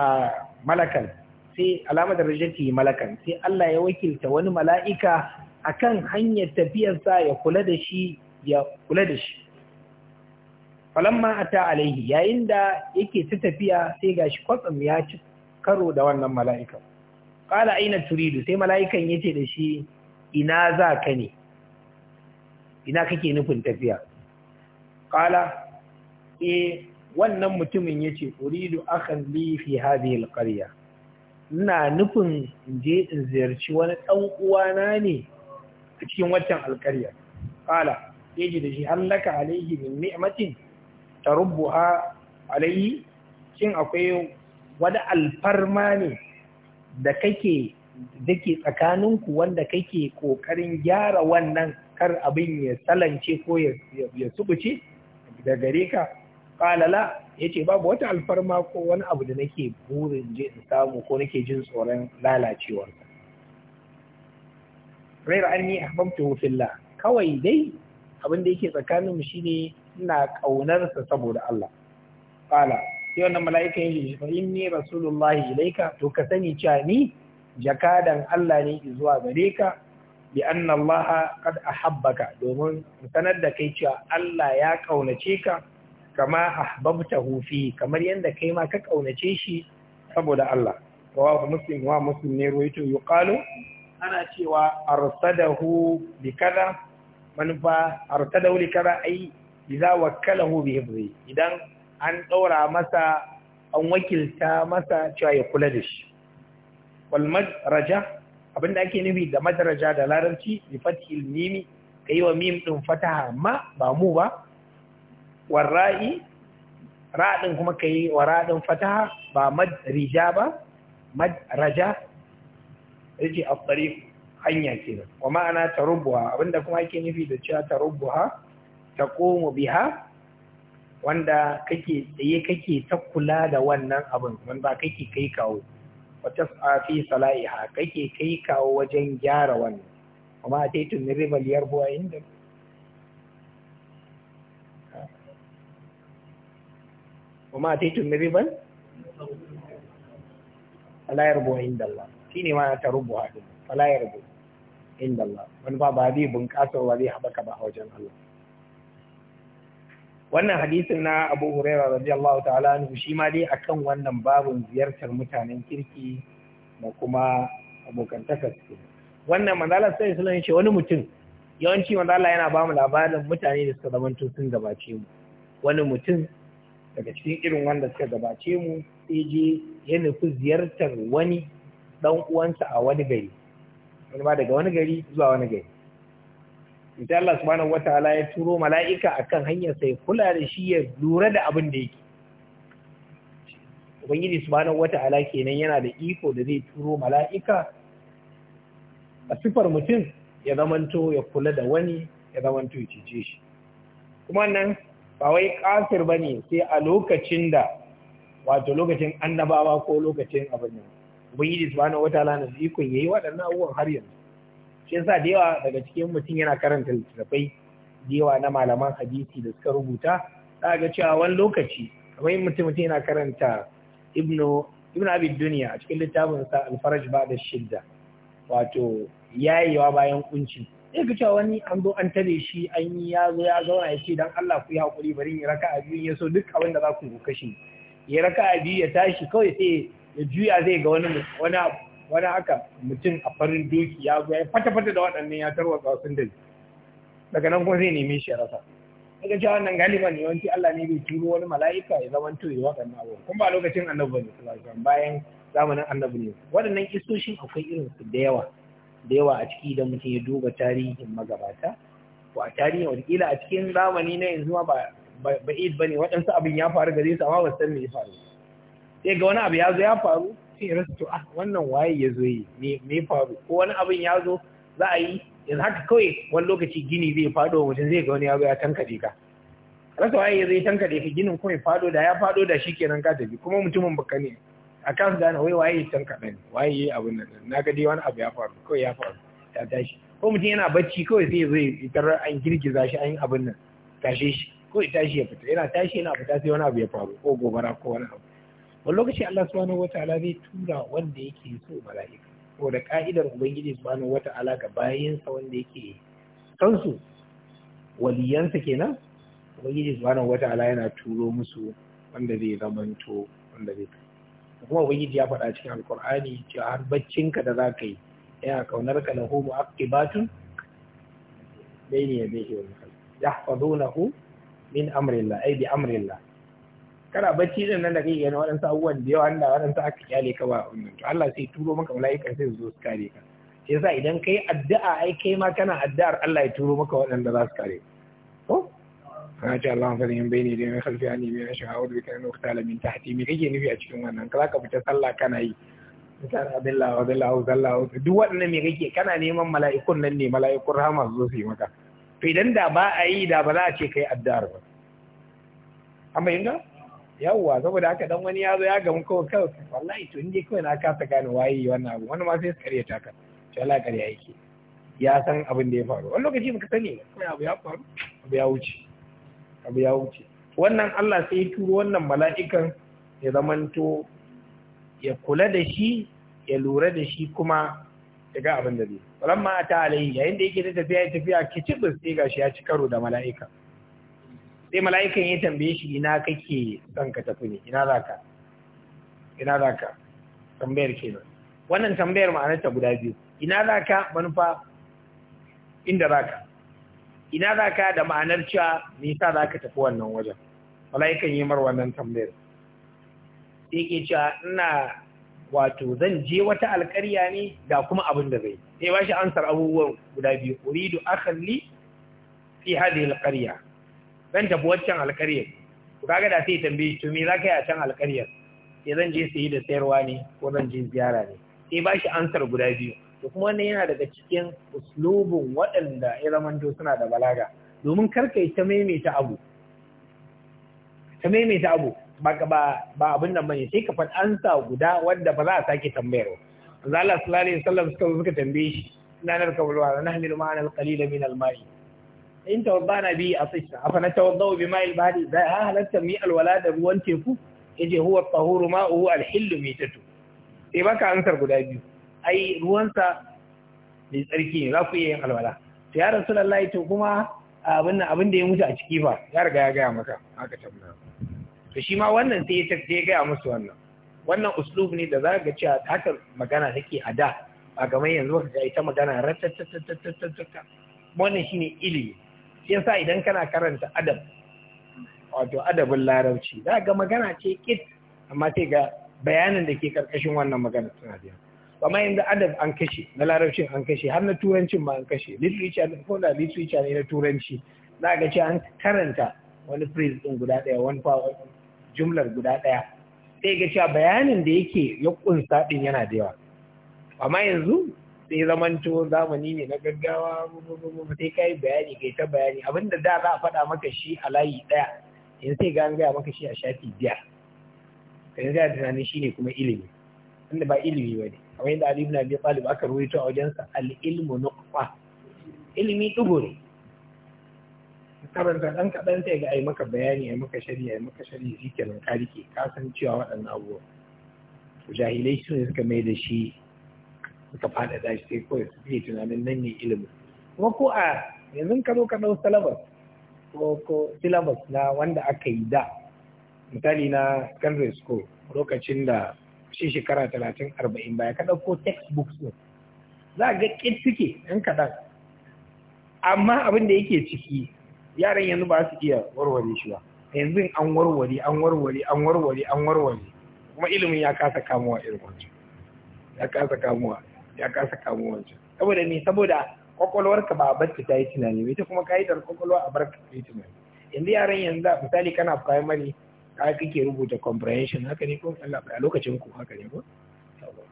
a malakan sai alama madrajati malakan sai Allah ya wakilta wani mala'ika akan hanyar tafiyarsa ya kula da shi ya kula da shi falamma ata alaihi yayin da yake ta tafiya sai gashi kwatsam ya ci karo da wannan mala'ikan qala aina turidu sai mala'ikan yace da shi ina za ka ne ina kake nufin tafiya qala eh wannan mutumin yace uridu akhan li fi hadhihi alqarya ina nufin je in ziyarci wani ɗan uwana ne a cikin waccan alƙarya qala yaji da shi hallaka alaihi min ni'matin tarubbuha alayhi shin akwai wani alfarma ne da kake dake tsakaninku wanda kake kokarin gyara wannan kar abin ya salance ko ya subuce da gare ka qala la yace babu wata alfarma ko wani abu da nake burin je in samu ko nake jin tsoron lalacewar rayar anni ahbabtu fillah kawai dai abin da yake tsakaninmu shine ina ƙaunarsa saboda Allah Fala, sai wannan mala'ika yace fa inni rasulullahi ilaika to ka sani cewa ni jakadan Allah ne zuwa gare ka bi anna Allah a ahabbaka domin sanar da kai cewa Allah ya ƙaunace ka kama ahbabtahu fi kamar yadda kai ma ka kaunace shi saboda Allah Wa muslim wa muslim ne ruwaito yuqalu ana cewa arsadahu bi kaza manufa arsadahu li ai idza wakkalahu bi hifzi idan an daura masa an wakilta masa cewa ya kula da shi wal madraja abinda ake nufi da madraja da larabci bi fathil mimi kai wa mim din fataha ma ba mu ba war ra'i ra'din kuma kai wa ra'din fataha ba madrija ba madraja yace at-tariq hanya kenan wa ma'ana tarubuha abinda kuma ake nufi da cewa tarubuha taqumu biha wanda kake tsaye kake ta kula da wannan abin wanda kake kai kawo wa tas'a fi sala'iha kake kai kawo wajen gyara wannan kuma a taitun min ribal yarbu a inda kuma a taitun min ribal fala yarbu inda Allah ne ma ta rubu hadin fala yarbu inda Allah wani ba ba zai bunƙasa ba zai haɓaka ba a wajen Allah wannan hadisin na Abu Hurairah radiyallahu ta'ala anhu shi ma dai akan wannan babun ziyartar mutanen kirki da kuma abokantaka su wannan manzala sai sunan ce wani mutum yawanci manzala yana ba mu labarin mutane da suka zamanto sun gabace mu wani mutum daga cikin irin wanda suka gabace mu sai je ya nufi ziyartar wani dan uwansa a wani gari wani ma daga wani gari zuwa wani gari ita Allah subhanahu wataala ya turo mala'ika akan hanyar sai kula da shi ya lura da abin da yake ubangiji subhanahu wataala kenan yana da iko da zai turo mala'ika a sifar mutum ya zamanto ya kula da wani ya zamanto ya cece shi kuma nan ba wai kafir bane sai a lokacin da wato lokacin annabawa ko lokacin abin nan ubangiji subhanahu wataala na ikon yayi waɗannan abubuwan har yanzu shi yasa da yawa daga cikin mutum yana karanta littattafai da yawa na malaman hadisi da suka rubuta za ga cewa wani lokaci kamar yin mutum mutum yana karanta ibnu ibnu duniya a cikin littafin sa alfaraj ba da shidda wato yayewa bayan kunci sai ga cewa wani an zo an tare shi an yi ya zo ya zauna ya ce dan Allah ku yi hakuri bari ya raka a biyu ya so duk abin da za ku kashe ya raka a biyu ya tashi kawai sai ya juya zai ga wani wani wani haka mutum a farin doki ya zo ya fata-fata da waɗannan ya tarwa sun da daga nan kuma zai neme shi ya rasa daga cewa wannan galiban yawanci Allah ne bai turo wani mala'ika ya zama to ya waɗannan abubuwa. kuma ba lokacin annabi ne sallallahu bayan zamanin annabi ne waɗannan istoshin akwai irin su da yawa da yawa a ciki idan mutum ya duba tarihin magabata ko a tarihin wataƙila a cikin zamani na yanzu ma ba ba ne waɗansu abin ya faru gare su amma ba su san me ya faru sai ga wani abu ya zo ya faru sai ya to ah wannan waye ya zo yi me faru ko wani abin ya zo za a yi yanzu haka kawai wani lokaci gini zai fado mutum zai ga wani ya zo ya tankade ka rasa waye ya zo ya tankade ka ginin kuma ya fado da ya fado da shi kenan ka tafi kuma mutumin baka ne a kan gane wai waye ya tankade ne waye ya yi abin nan na ga dai wani abu ya faru kawai ya faru ya tashi ko mutum yana bacci kawai sai ya zo ya tarar an girgiza shi an yi abin nan tashe shi ko ya tashi ya fita yana tashi yana fita sai wani abu ya faru ko gobara ko wani abu wani lokaci Allah subhanahu wata'ala zai tura wanda yake so mala'ika ko da ka'idar ubangiji subhanahu wata'ala ga bayansa wanda yake son su waliyansa kenan ubangiji subhanahu wata'ala yana turo musu wanda zai zamanto wanda zai kuma ubangiji ya faɗa cikin alkur'ani cewa har ka da za ka yi yana kaunar ka na homo akibatun yadayhi ne ya wani Ya na ku min amrillah ay bi amrillah kana bacci din nan da kai yana waɗansu abubuwan da yawa da waɗansu aka kyale ka ba wannan to Allah sai turo maka mala'ika sai su zo su kare ka sai yasa idan kai addu'a ai kai ma kana addu'ar Allah ya turo maka waɗanda za su kare ko kana ce Allah fa yin bayni da mai khalfi ani bi rashin kai bi kana uktala min tahti me kake nufi a cikin wannan ka fita sallah kana yi kana abilla wa billa wa sallah duk waɗannan me kake kana neman mala'ikun nan ne mala'ikun rahama su zo su yi maka to idan da ba a yi da ba za a ce kai addu'ar ba amma yin yawwa saboda haka dan wani ya zo ya gamu kawai kawai wallahi to inda kawai na kasa gane waye wannan abu wani ma sai su ta ka to Allah ya yake ya san abin da ya faru wani lokaci muka sani kawai abu ya faru abu ya wuce abu ya wuce wannan Allah sai ya turo wannan mala'ikan ya zamanto ya kula da shi ya lura da shi kuma ya ga abin da zai ma ta alayhi yayin da yake tafiya ya tafiya kicibin sai gashi ya ci karo da mala'ika sai mala'ikan ya tambaye shi ina kake son ka tafi ne ina za ka ina za ka tambayar kenan wannan tambayar ma'anar ta guda biyu ina za ka manufa inda za ka ina za ka da ma'anar cewa nisa za ka tafi wannan wajen mala'ikan yi mar wannan tambayar sai ke cewa ina wato zan je wata alƙarya ne ga kuma abin da zai sai ba shi ansar abubuwan guda biyu uridu akhalli fi hadhihi alqarya zan tafi waccan alkaryar to kaga da sai tambaye to me zaka yi a can alkaryar sai eh, zan je sayi da sayarwa ne ko zan je ziyara ne sai ba shi ansar guda biyu to kuma wannan yana daga cikin uslubun waɗanda ya zamanto suna da balaga domin kar ka yi ta maimaita abu ta maimaita abu ba ba abin nan bane sai ka faɗi ansa guda wanda ba za a sake tambayar Allah sallallahu alaihi wasallam suka tambaye shi ina narka bulwa na hamilu ma'an al min al-ma'i in tawaddana bi asista afa na tawaddau bi ma'il bahri za ha halatta mi alwala da ruwan teku yace huwa tahuru ma'uhu alhillu mitatu sai baka ansar guda biyu ai ruwansa mai tsarki ne za ku iya yin alwala to ya lallai to kuma abin abin da ya mutu a ciki ba ya riga ya gaya maka haka tambaya to shi ma wannan sai ya gaya musu wannan wannan uslub ne da za ga cewa haka magana take a da a game yanzu ka ga ita magana ratatatatatatatata wannan shine ilimi shi yasa idan kana karanta adab wato adabin larabci za ga magana ce kit amma sai ga bayanin da ke karkashin wannan magana suna da amma yanzu adab an kashe na larabcin an kashe har na turancin ma an kashe literature ko da literature ne na turanci za ga ce an karanta wani phrase din guda daya wani jumlar guda daya sai ga cewa bayanin da yake ya kunsa din yana da yawa amma yanzu sai to zamani ne na gaggawa sai kai bayani kai ta bayani abinda da za a faɗa maka shi a layi ɗaya in sai ga an gaya maka shi a shafi biyar kan ga tunanin shi ne kuma ilimi wanda ba ilimi ba ne wani da alibu na biya Talib aka ruwaito a wajensa al'ilmu na nuqfa ilimi dugo ne karanta ɗan kaɗan sai ga ai maka bayani ai maka shari'a ai maka shari'a shi kenan ka rike ka san cewa waɗannan abubuwa jahilai su ne suka mai da shi suka da shi sai kawai suke tunanin nan ne ilimin kuma ko a yanzu ka zo ka dau syllabus ko ko syllabus na wanda aka yi da misali na secondary school lokacin da shi shekara talatin arba'in baya ka ɗauko textbooks ne. za a ga ƙit suke ɗan kaɗan amma abin da yake ciki yaran yanzu ba su iya warware shi ba yanzu an warware an warware an warware an warware kuma ilimin ya kasa kamuwa irin wancan ya kasa kamuwa ya kasa kamo wancan saboda me saboda kwakwalwarka ba a barta ta yi tunani ita kuma ka yi da kwakwalwa a barka ta yi tunani yanzu yaran yanzu misali kana primary ka kake rubuta comprehension haka ne ko Allah a lokacin ku haka ne ko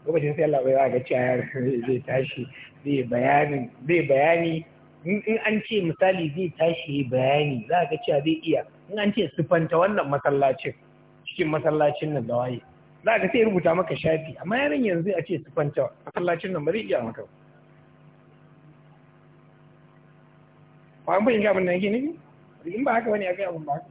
lokacin sai Allah bai ga cewa zai tashi zai bayani zai bayani in an ce misali zai tashi bayani za ga cewa zai iya in an ce sifanta wannan masallacin cikin masallacin nan da waye za ka sai rubuta maka shafi amma yaran yanzu a ce su kwanta masallacin nan ba zai iya maka ba an bayyana abin da yake nufi in ba haka wani akai abin ba haka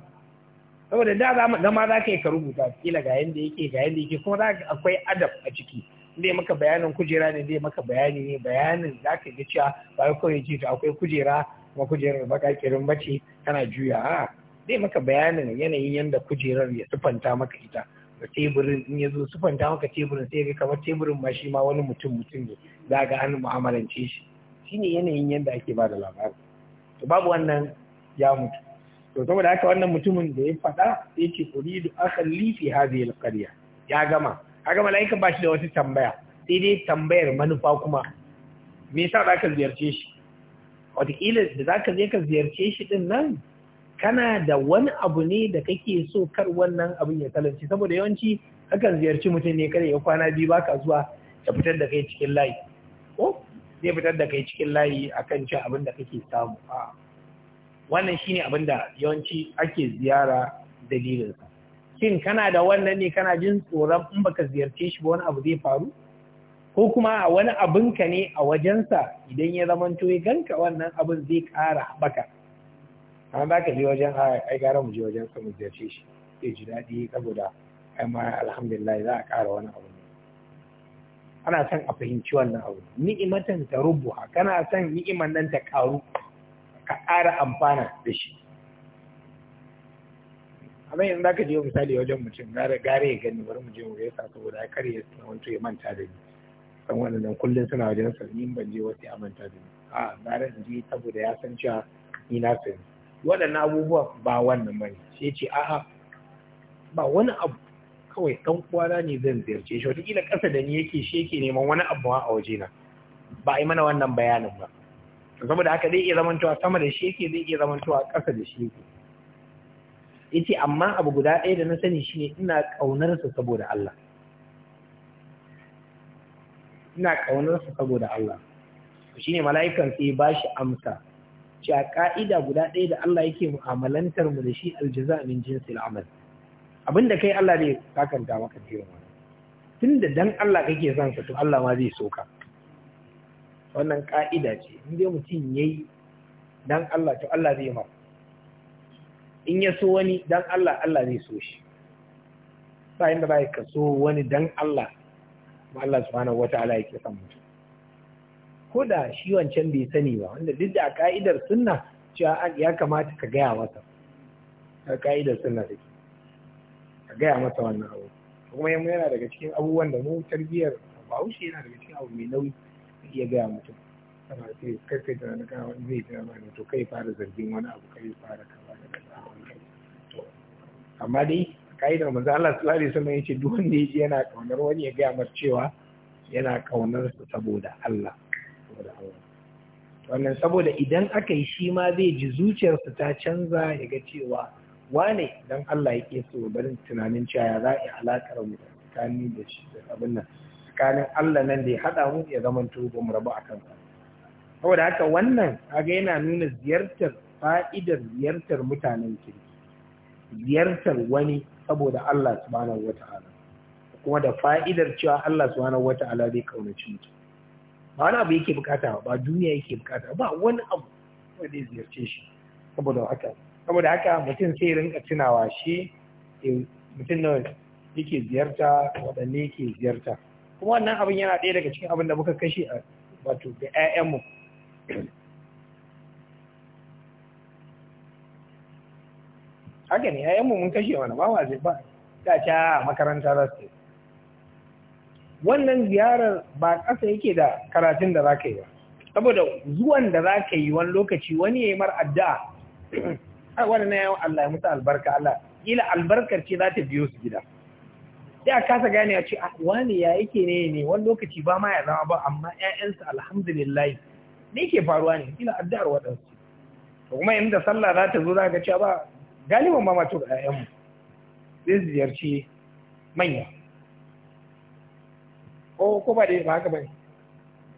saboda da za da ma za ka yi ka rubuta kila ga yanda yake ga yanda yake kuma za ka akwai adab a ciki zai maka bayanin kujera ne zai maka bayani ne bayanin za ka ga cewa ba kawai ji ta akwai kujera kuma kujerar baka kirin bace kana juya a'a zai maka bayanin yanayin yanda kujerar ya sufanta maka ita teburin in ya zo sufanta maka teburin sai ga kamar teburin ma shi ma wani mutum mutum ne za ga an mu'amalance shi shine yanayin yadda ake ba da labari to babu wannan ya mutu to saboda haka wannan mutumin da ya faɗa sai ce uridu akalli fi hadhihi alqarya ya gama haka malaika ba shi da wata tambaya sai dai tambayar manufa kuma me yasa zaka ziyarce shi wataƙila da zaka je ka ziyarce shi din nan kana da wani abu ne da kake so kar wannan abin ya kalanci saboda yawanci akan ziyarci mutum ne kada ya kwana biyu baka zuwa ya fitar da kai cikin layi ko zai fitar da kai cikin layi akan cin abin da kake samu a wannan shine abin da yawanci ake ziyara dalilinsa shin kana da wannan ne kana jin tsoron in baka ziyarce shi ba wani abu zai faru ko kuma a wani abinka ne a wajensa idan ya zamanto ya ganka wannan abin zai kara baka? an za ka je wajen ai gara mu je wajen sa mu ziyarce shi ke ji daɗi saboda ai ma alhamdulillah za a ƙara wani abu ana son a fahimci wannan abu ni'imatan ta rubuha kana son ni'iman nan ta ƙaru ka ƙara amfana da shi amma yanzu zaka je misali wajen mutum gare gare ya gani bari mu je mu gaisa saboda ai kare ya wanto ya manta da ni san wannan kullum suna wajen sa ni ban je wasu ya manta da ni a gare in je saboda ya san cewa ni na sani waɗannan abubuwa ba wannan bane sai ce a'a ba wani abu kawai ɗan kwana ne zan ziyarce shi wataƙila ƙasa da ni yake shi yake neman wani abu a waje na ba a yi mana wannan bayanin ba saboda haka zai iya zamantowa sama da shi yake zai iya zamantowa ƙasa da shi yake yace amma abu guda ɗaya da na sani shine ina ƙaunarsa saboda Allah ina ƙaunarsa saboda Allah shine mala'ikan sai ba shi amsa cewa ka'ida guda ɗaya da Allah yake mu'amalantar mu da shi aljaza min jinsil amal abin da kai Allah ne kakanta maka irin wannan tunda dan Allah kake son ka to Allah ma zai so ka wannan ka'ida ce in dai mutum yayi dan Allah to Allah zai ma in ya so wani dan Allah Allah zai so shi sai inda bai ka so wani dan Allah ma Allah subhanahu wataala yake son mutum ko da shi wancan bai sani ba wanda duk da ka'idar sunna cewa ya kamata ka gaya masa a ka'idar sunna ke ka gaya masa wannan abu kuma yamma yana daga cikin abubuwan da mu tarbiyyar bahaushe yana daga cikin abu mai nauyi iya gaya mutum kana ce kai kai da na wani zai tunanin to kai fara zargin wani abu kai fara kaza da kaza to amma dai ka'idar manzo Allah sallallahu alaihi wasallam yace duk wanda yaji yana kaunar wani ya gaya masa cewa yana kaunar sa saboda Allah saboda Allah wannan saboda idan aka yi shi ma zai ji zuciyarsa ta canza ya ga cewa wane idan Allah ya ke so barin tunanin cewa ya a alakar mu tsakanin da shi da abin nan tsakanin Allah nan da ya haɗa mu ya zama tubo mu rabu akan sa saboda haka wannan kaga yana nuna ziyartar fa'idar ziyartar mutanen kirki ziyartar wani saboda Allah subhanahu wata'ala kuma da fa'idar cewa Allah subhanahu wata'ala zai kaunaci mutum ba wani abu yake bukata ba duniya yake bukata ba wani abu wanda ya ziyarce shi saboda haka saboda haka mutum sai rinka tunawa shi eh, mutum na yake ziyarta waɗanne yake ziyarta kuma wannan abin yana ɗaya daga cikin abin da muka kashe a wato da 'ya'yanmu haka ne 'ya'yanmu mun kashe wani ba wa ba ta makaranta za su wannan ziyarar ba ƙasa yake da karatun da za ka yi ba saboda zuwan da za ka yi wani lokaci wani ya yi mar addu'a a wani na yawon Allah ya musa albarka Allah ila albarkar ce za ta biyo su gida sai a kasa gane a ce a ah, wani ya yake ne ne wani lokaci ba ma ya zama ba amma 'ya'yansa alhamdulillah ne ke faruwa ne ila addu'ar waɗansu to kuma inda sallah za ta zo za ka ba galiban ba ma 'ya'yanmu zai ziyarci manya ko ko ba da ba haka bane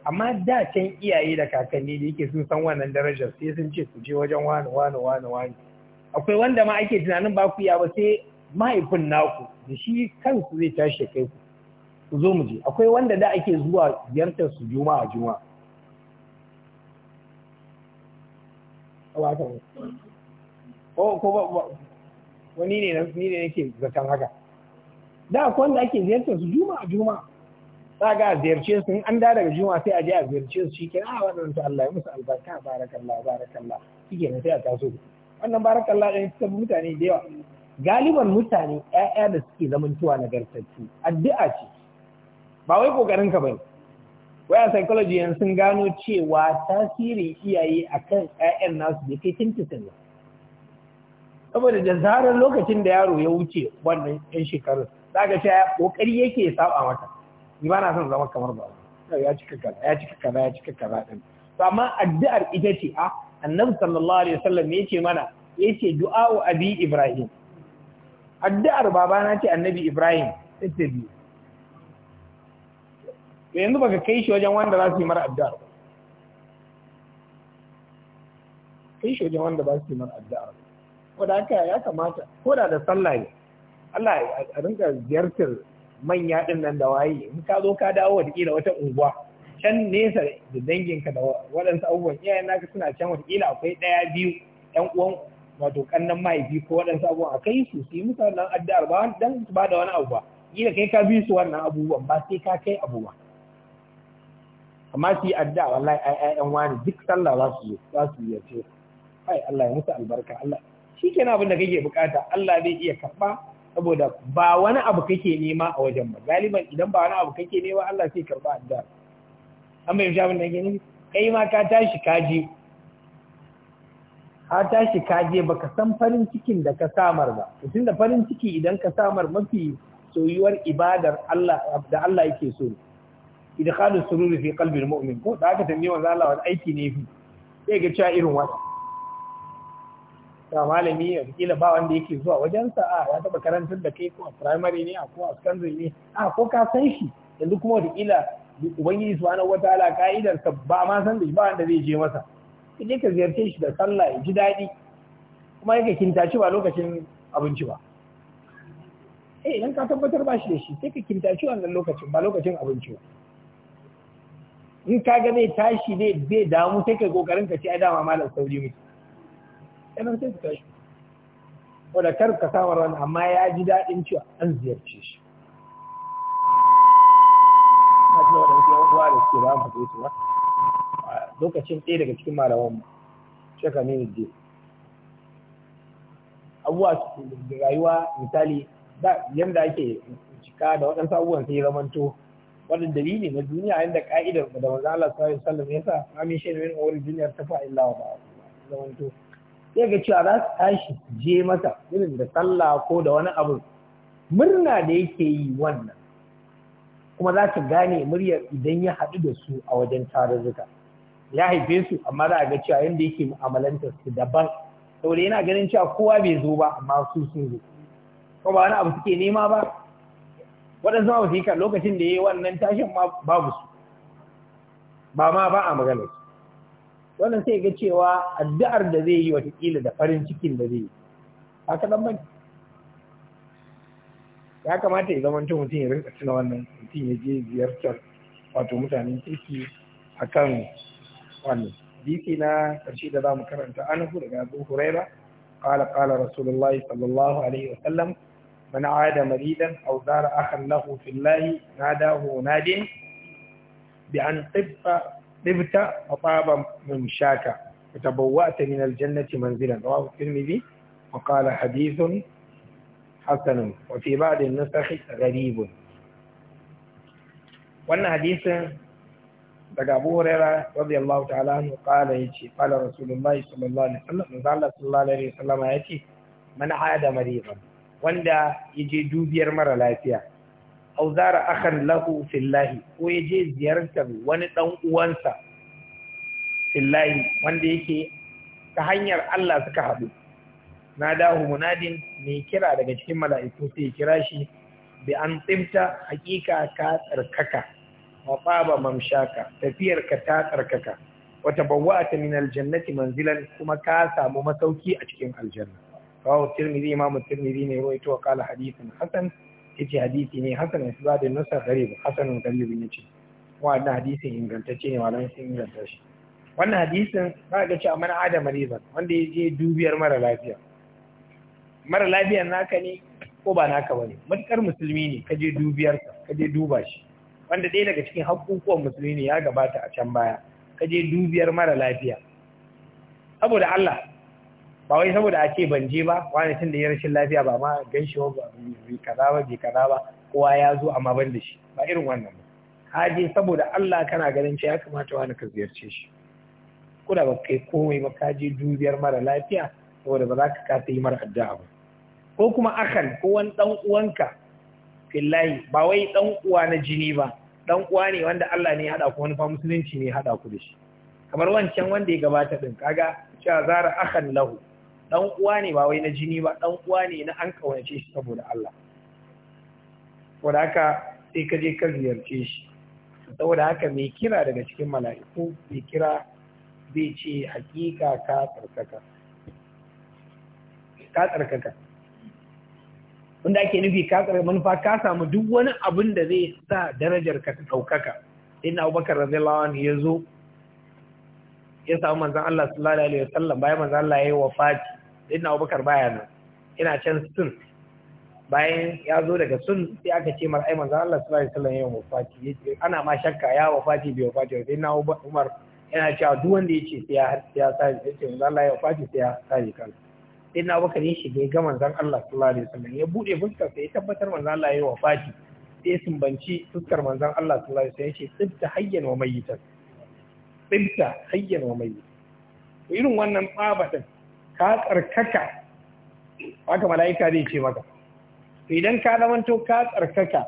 amma da can iyaye da kakanni da yake sun san wannan darajar sai sun ce ku je wajen wani wani wani wani akwai wanda ma ake tunanin ba ku iya ba sai mahaifin naku da shi kansu zai tashi kai ku ku zo mu je akwai wanda da ake zuwa ziyartar su juma'a juma'a ko ba wani ne ni ne nake zaton haka da akwai wanda ake ziyartar su juma'a juma'a za ga ziyarce su in an da daga juma'a sai a je a ziyarce su shike a ah, wannan to Allah ya musu albarka barakallah barakallah shike ne sai a taso wannan barakallah ɗin ta mutane da yawa galiban mutane ƴaƴa da suke na nagartattu addu'a ce ba wai kokarin ka bane waya psychology yan sun gano cewa tasirin iyaye a kan 'ya'yan nasu bai kai tintisin ba saboda da zarar lokacin da yaro ya wuce wannan yan shekarun zaka ce kokari yake saɓa mata ni ba na son zama kamar ba ya cika kaza ya cika kaza ya cika kaza din to amma addu'ar ita ce a ah, annabi sallallahu alaihi wasallam ce mana du'a du'a'u abi ibrahim addu'ar babana ce annabi ibrahim sai biyu to yanzu baka kai shi wajen wanda za su yi mara addu'ar kai shi wajen wanda ba su yi mara addu'ar ko da haka ya kamata ko da da sallah ne Allah a rinka ziyartar manya din nan da waye in ka zo ka dawo kila wata unguwa can nesa da danginka da waɗansu abubuwan iyayen naka suna can kila akwai ɗaya biyu ƴan uwan wato kannan mahaifi ko waɗansu abubuwan a kai su su yi musu wannan addu'ar ba dan ba da wani abu ba kila kai ka bi su wannan abubuwan ba sai ka kai abu ba amma su yi addu'a wallahi ai ƴaƴan wani duk sallah za su yi za su yi ai Allah ya musu albarka Allah kenan abin da kake bukata Allah zai iya karba saboda ba wani abu kake nema a wajen ba galiban idan ba wani abu kake nema Allah sai karba addu'a an bai shafin da gani kai ma ka tashi kaje ka tashi kaje baka san farin cikin da ka samar ba tun da farin ciki idan ka samar mafi soyuwar ibadar Allah da Allah yake so idkhalu sururi fi qalbi mu'min ko da aka tambaye manzo Allah wani aiki ne fi sai ga cewa irin wannan ba malami ya kila ba wanda yake zuwa wajensa a ya taɓa karantar da kai ko a primary ne a ko a secondary ne a ko ka san shi yanzu kuma da kila ubangiji subhanahu wataala ka'idar ka ba ma san da ba wanda zai je masa idan ka ziyarce shi da sallah ya ji daɗi kuma yake kintaci ba lokacin abinci ba eh idan ka tabbatar ba shi da shi sai ka kintaci wannan lokacin ba lokacin abinci ba in ka ga zai tashi zai damu sai ka kokarin ka ci ai dama malam sauri muke yanar sai su tashi wadda kar ka samar wani amma ya ji daɗin cewa an ziyarce shi na cikin waɗansu yan uwa da suke ba mu fito su ba lokacin ɗaya daga cikin malaman mu shaka ne da abubuwa da rayuwa misali yadda yanda ake cika da waɗansu abubuwan sai zamanto wannan dalili na duniya yanda ka'idar da manzo Allah sallallahu alaihi wasallam ya sa amin shi ne min awal dunya tafa illa wa ba'a zamanto sai ga cewa za su tashi je masa irin da sallah ko da wani abu murna da yake yi wannan kuma za ta gane muryar idan ya haɗu da su a wajen tarurruka ya haife su amma za a ga cewa yadda yake mu'amalantar su daban saboda yana ganin cewa kowa bai zo ba amma su sun zo ko ba wani abu suke nema ba waɗansu ma ba su yi lokacin da ya yi wannan tashin ma babu su ba ma ba a maganar wannan sai ga cewa addu'ar da zai yi watakila da farin cikin da zai yi haka nan bane ya kamata ya zama mutum ya rinka tuna wannan mutum ya je ziyartar wato mutanen kirki akan wannan hadisi na ƙarshe da za mu karanta anhu daga Abu Huraira qala qala Rasulullahi sallallahu alaihi wa sallam man aada maridan aw akan akhan lahu fillahi nadahu nadin bi an tibba ɗibta maɓaɓa mumshaka وتبوأت من الجنة منزلا رواه الترمذي وقال حديث حسن وفي بعض النسخ غريب Wannan hadisin daga Abu Huraira radiyallahu ta'ala anhu qala yace qala Rasulullahi sallallahu alaihi wasallam manzo Allah sallallahu alaihi wasallam yace man hada maridan wanda yaje dubiyar mara lafiya aw zara akhan lahu fillahi ko ya je ziyartar wani dan uwansa fillahi wanda yake ta hanyar Allah suka haɗu na dahu munadin mai kira daga cikin mala'iku sai kira shi bi an tsibta hakika ka tsarkaka wa mamshaka tafiyar ka ta tsarkaka wata bawwa'ata min aljannati manzilan kuma ka samu masauki a cikin aljanna rawahu tirmidhi mutum tirmidhi ne ruwaito wa qala hadithun hasan yace hadisi ne hasan isbadin nusar garib hasan garib ne ce wannan hadisin ingantacce ne wannan sun inganta shi wannan hadisin ba ga ce mana adama rizan wanda ya je dubiyar mara lafiya mara lafiyar naka ne ko ba naka ba ne matukar musulmi ne ka je dubiyarsa ka je duba shi wanda ɗaya daga cikin hakukuwan musulmi ne ya gabata a can baya ka je dubiyar mara lafiya saboda Allah ba wai saboda a ce ban je ba wani tun da ya rashin lafiya ba ma gan shi ba bai kaza ba bai kaza ba kowa ya zo amma ban da shi ba irin wannan ba ka je saboda Allah kana ganin cewa ya kamata wani ka ziyarce shi ko da ba kai komai ba ka je dubiyar mara lafiya saboda ba za ka kasa yi mara addu'a ba ko kuma akan ko wani dan uwanka fillahi ba wai dan uwa na jini ba dan uwa ne wanda Allah ne ya hada ku wani fa musulunci ne ya hada ku da shi kamar wancan wanda ya gabata din kaga cewa zara akan lahu dan uwa ne ba wai na jini ba dan uwa ne na an kawance shi saboda Allah saboda haka sai ka je ka ziyarce shi saboda haka mai kira daga cikin mala'iku mai kira zai ce hakika ka tsarkaka ka tsarkaka wanda ake nufi ka tsarkaka manufa ka samu duk wani abin da zai sa darajar ka ta ɗaukaka inna abubakar radiyallahu anhu ya zo ya samu manzon Allah sallallahu alaihi wasallam bayan manzon Allah ya yi wafati sayyidina Abubakar baya nan ina can sun bayan ya zo daga sun sai aka ce mar ai manzon Allah sallallahu alaihi wasallam ya wafati ana ma shakka ya wafati bai wafati sai na Umar yana cewa duk wanda yace sai ya ya sai sai manzon Allah ya wafati sai ya sai kan sai na Abubakar ya shige ga manzon Allah sallallahu alaihi wasallam ya bude fuskar sai ya tabbatar manzon Allah ya wafati sai ya sumbanci fuskar manzon Allah sallallahu alaihi wasallam ya ce tsibta hayyan wa mayyitan tsibta hayyan wa mayyitan irin wannan babatan ka tsarkaka haka mala'ika zai ce maka idan ka zamanto ka tsarkaka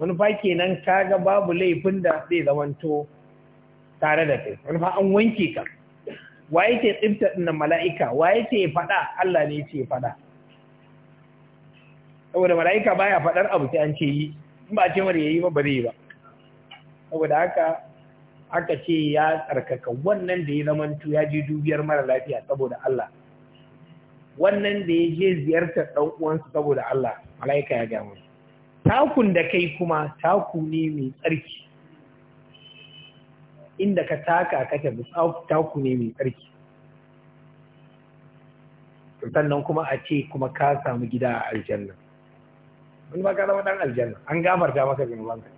manufa kenan ka ga babu laifin da zai zamanto tare da kai manufa an wanke ka wa yake tsibta dinnan mala'ika wa yake faɗa Allah ne ce faɗa saboda mala'ika baya faɗar abu sai an ce yi in ba ce mara yayi ba ba zai ba saboda haka aka ce ya tsarkaka wannan da ya zamanto ya je dubiyar mara lafiya saboda Allah wannan da ya je ziyartar ɗan uwansu saboda Allah malaika ya ga takun da kai kuma taku ne mai tsarki inda ka taka ka tafi taku ne mai tsarki sannan kuma a ce kuma ka samu gida a aljanna wani ba ka zama dan aljanna an gafarta maka zunubanka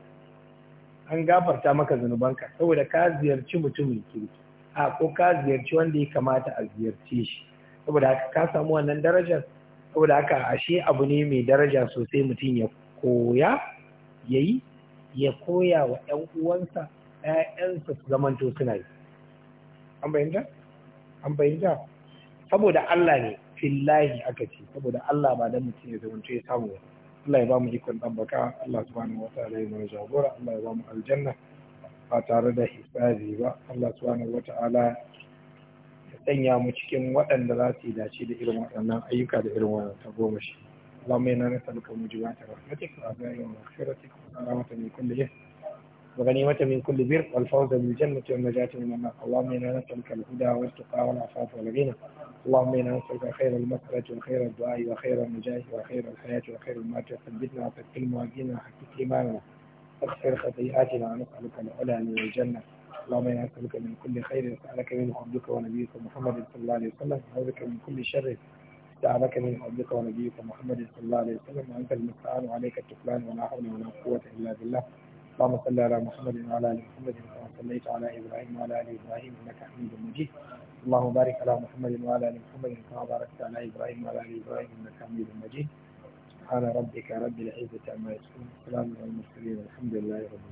an gafarta maka zunubanka saboda ka ziyarci mutumin kirki a ko ka ziyarci wanda ya kamata a ziyarce shi saboda haka ka samu wannan darajar saboda haka ashe abu ne mai daraja sosai mutum ya koya ya yi ya koya wa 'yan uwansa 'ya'yansa su zamanto suna yi an bayyanta an bayyanta saboda Allah ne fillahi aka ce saboda Allah ba da mutum ya zamanto ya samu Allah ya ba mu ikon ɗabbaka Allah subhanahu wa ta'ala ya mana jagora Allah ya ba mu aljanna ba tare da hisabi ba Allah subhanahu wa ta'ala sanya cikin waɗanda za su yi dace da irin waɗannan ayyuka da irin wannan ta goma shi اللهم إنا نسألك موجبات رحمتك وأبناء ومغفرتك وسلامة من كل إثم وغنيمة من كل بر والفوز بالجنة والنجاة من النار اللهم إنا نسألك خير المسألة وخير الدعاء وخير النجاة وخير الحياة وخير المات وثبتنا وثبت حتى وحقق إيماننا اغفر خطيئاتنا ونسألك العلا من الجنة اللهم إنا اسالك من كل خير سألك منه عبدك ونبيك محمد صلى الله عليه وسلم اعوذك من كل شر اسالك منه عبدك ونبيك محمد صلى الله عليه وسلم وأنت المستعان وعليك التكلان ولا حول ولا قوة إلا بالله اللهم صل على محمد وعلى آل محمد كما صليت على إبراهيم وعلى آل إبراهيم إنك حميد مجيد اللهم بارك على محمد وعلى آل محمد كما باركت على إبراهيم وعلى آل إبراهيم إنك حميد مجيد سبحان ربك رب العزة عما يصفون سلام على المرسلين الحمد لله رب العالمين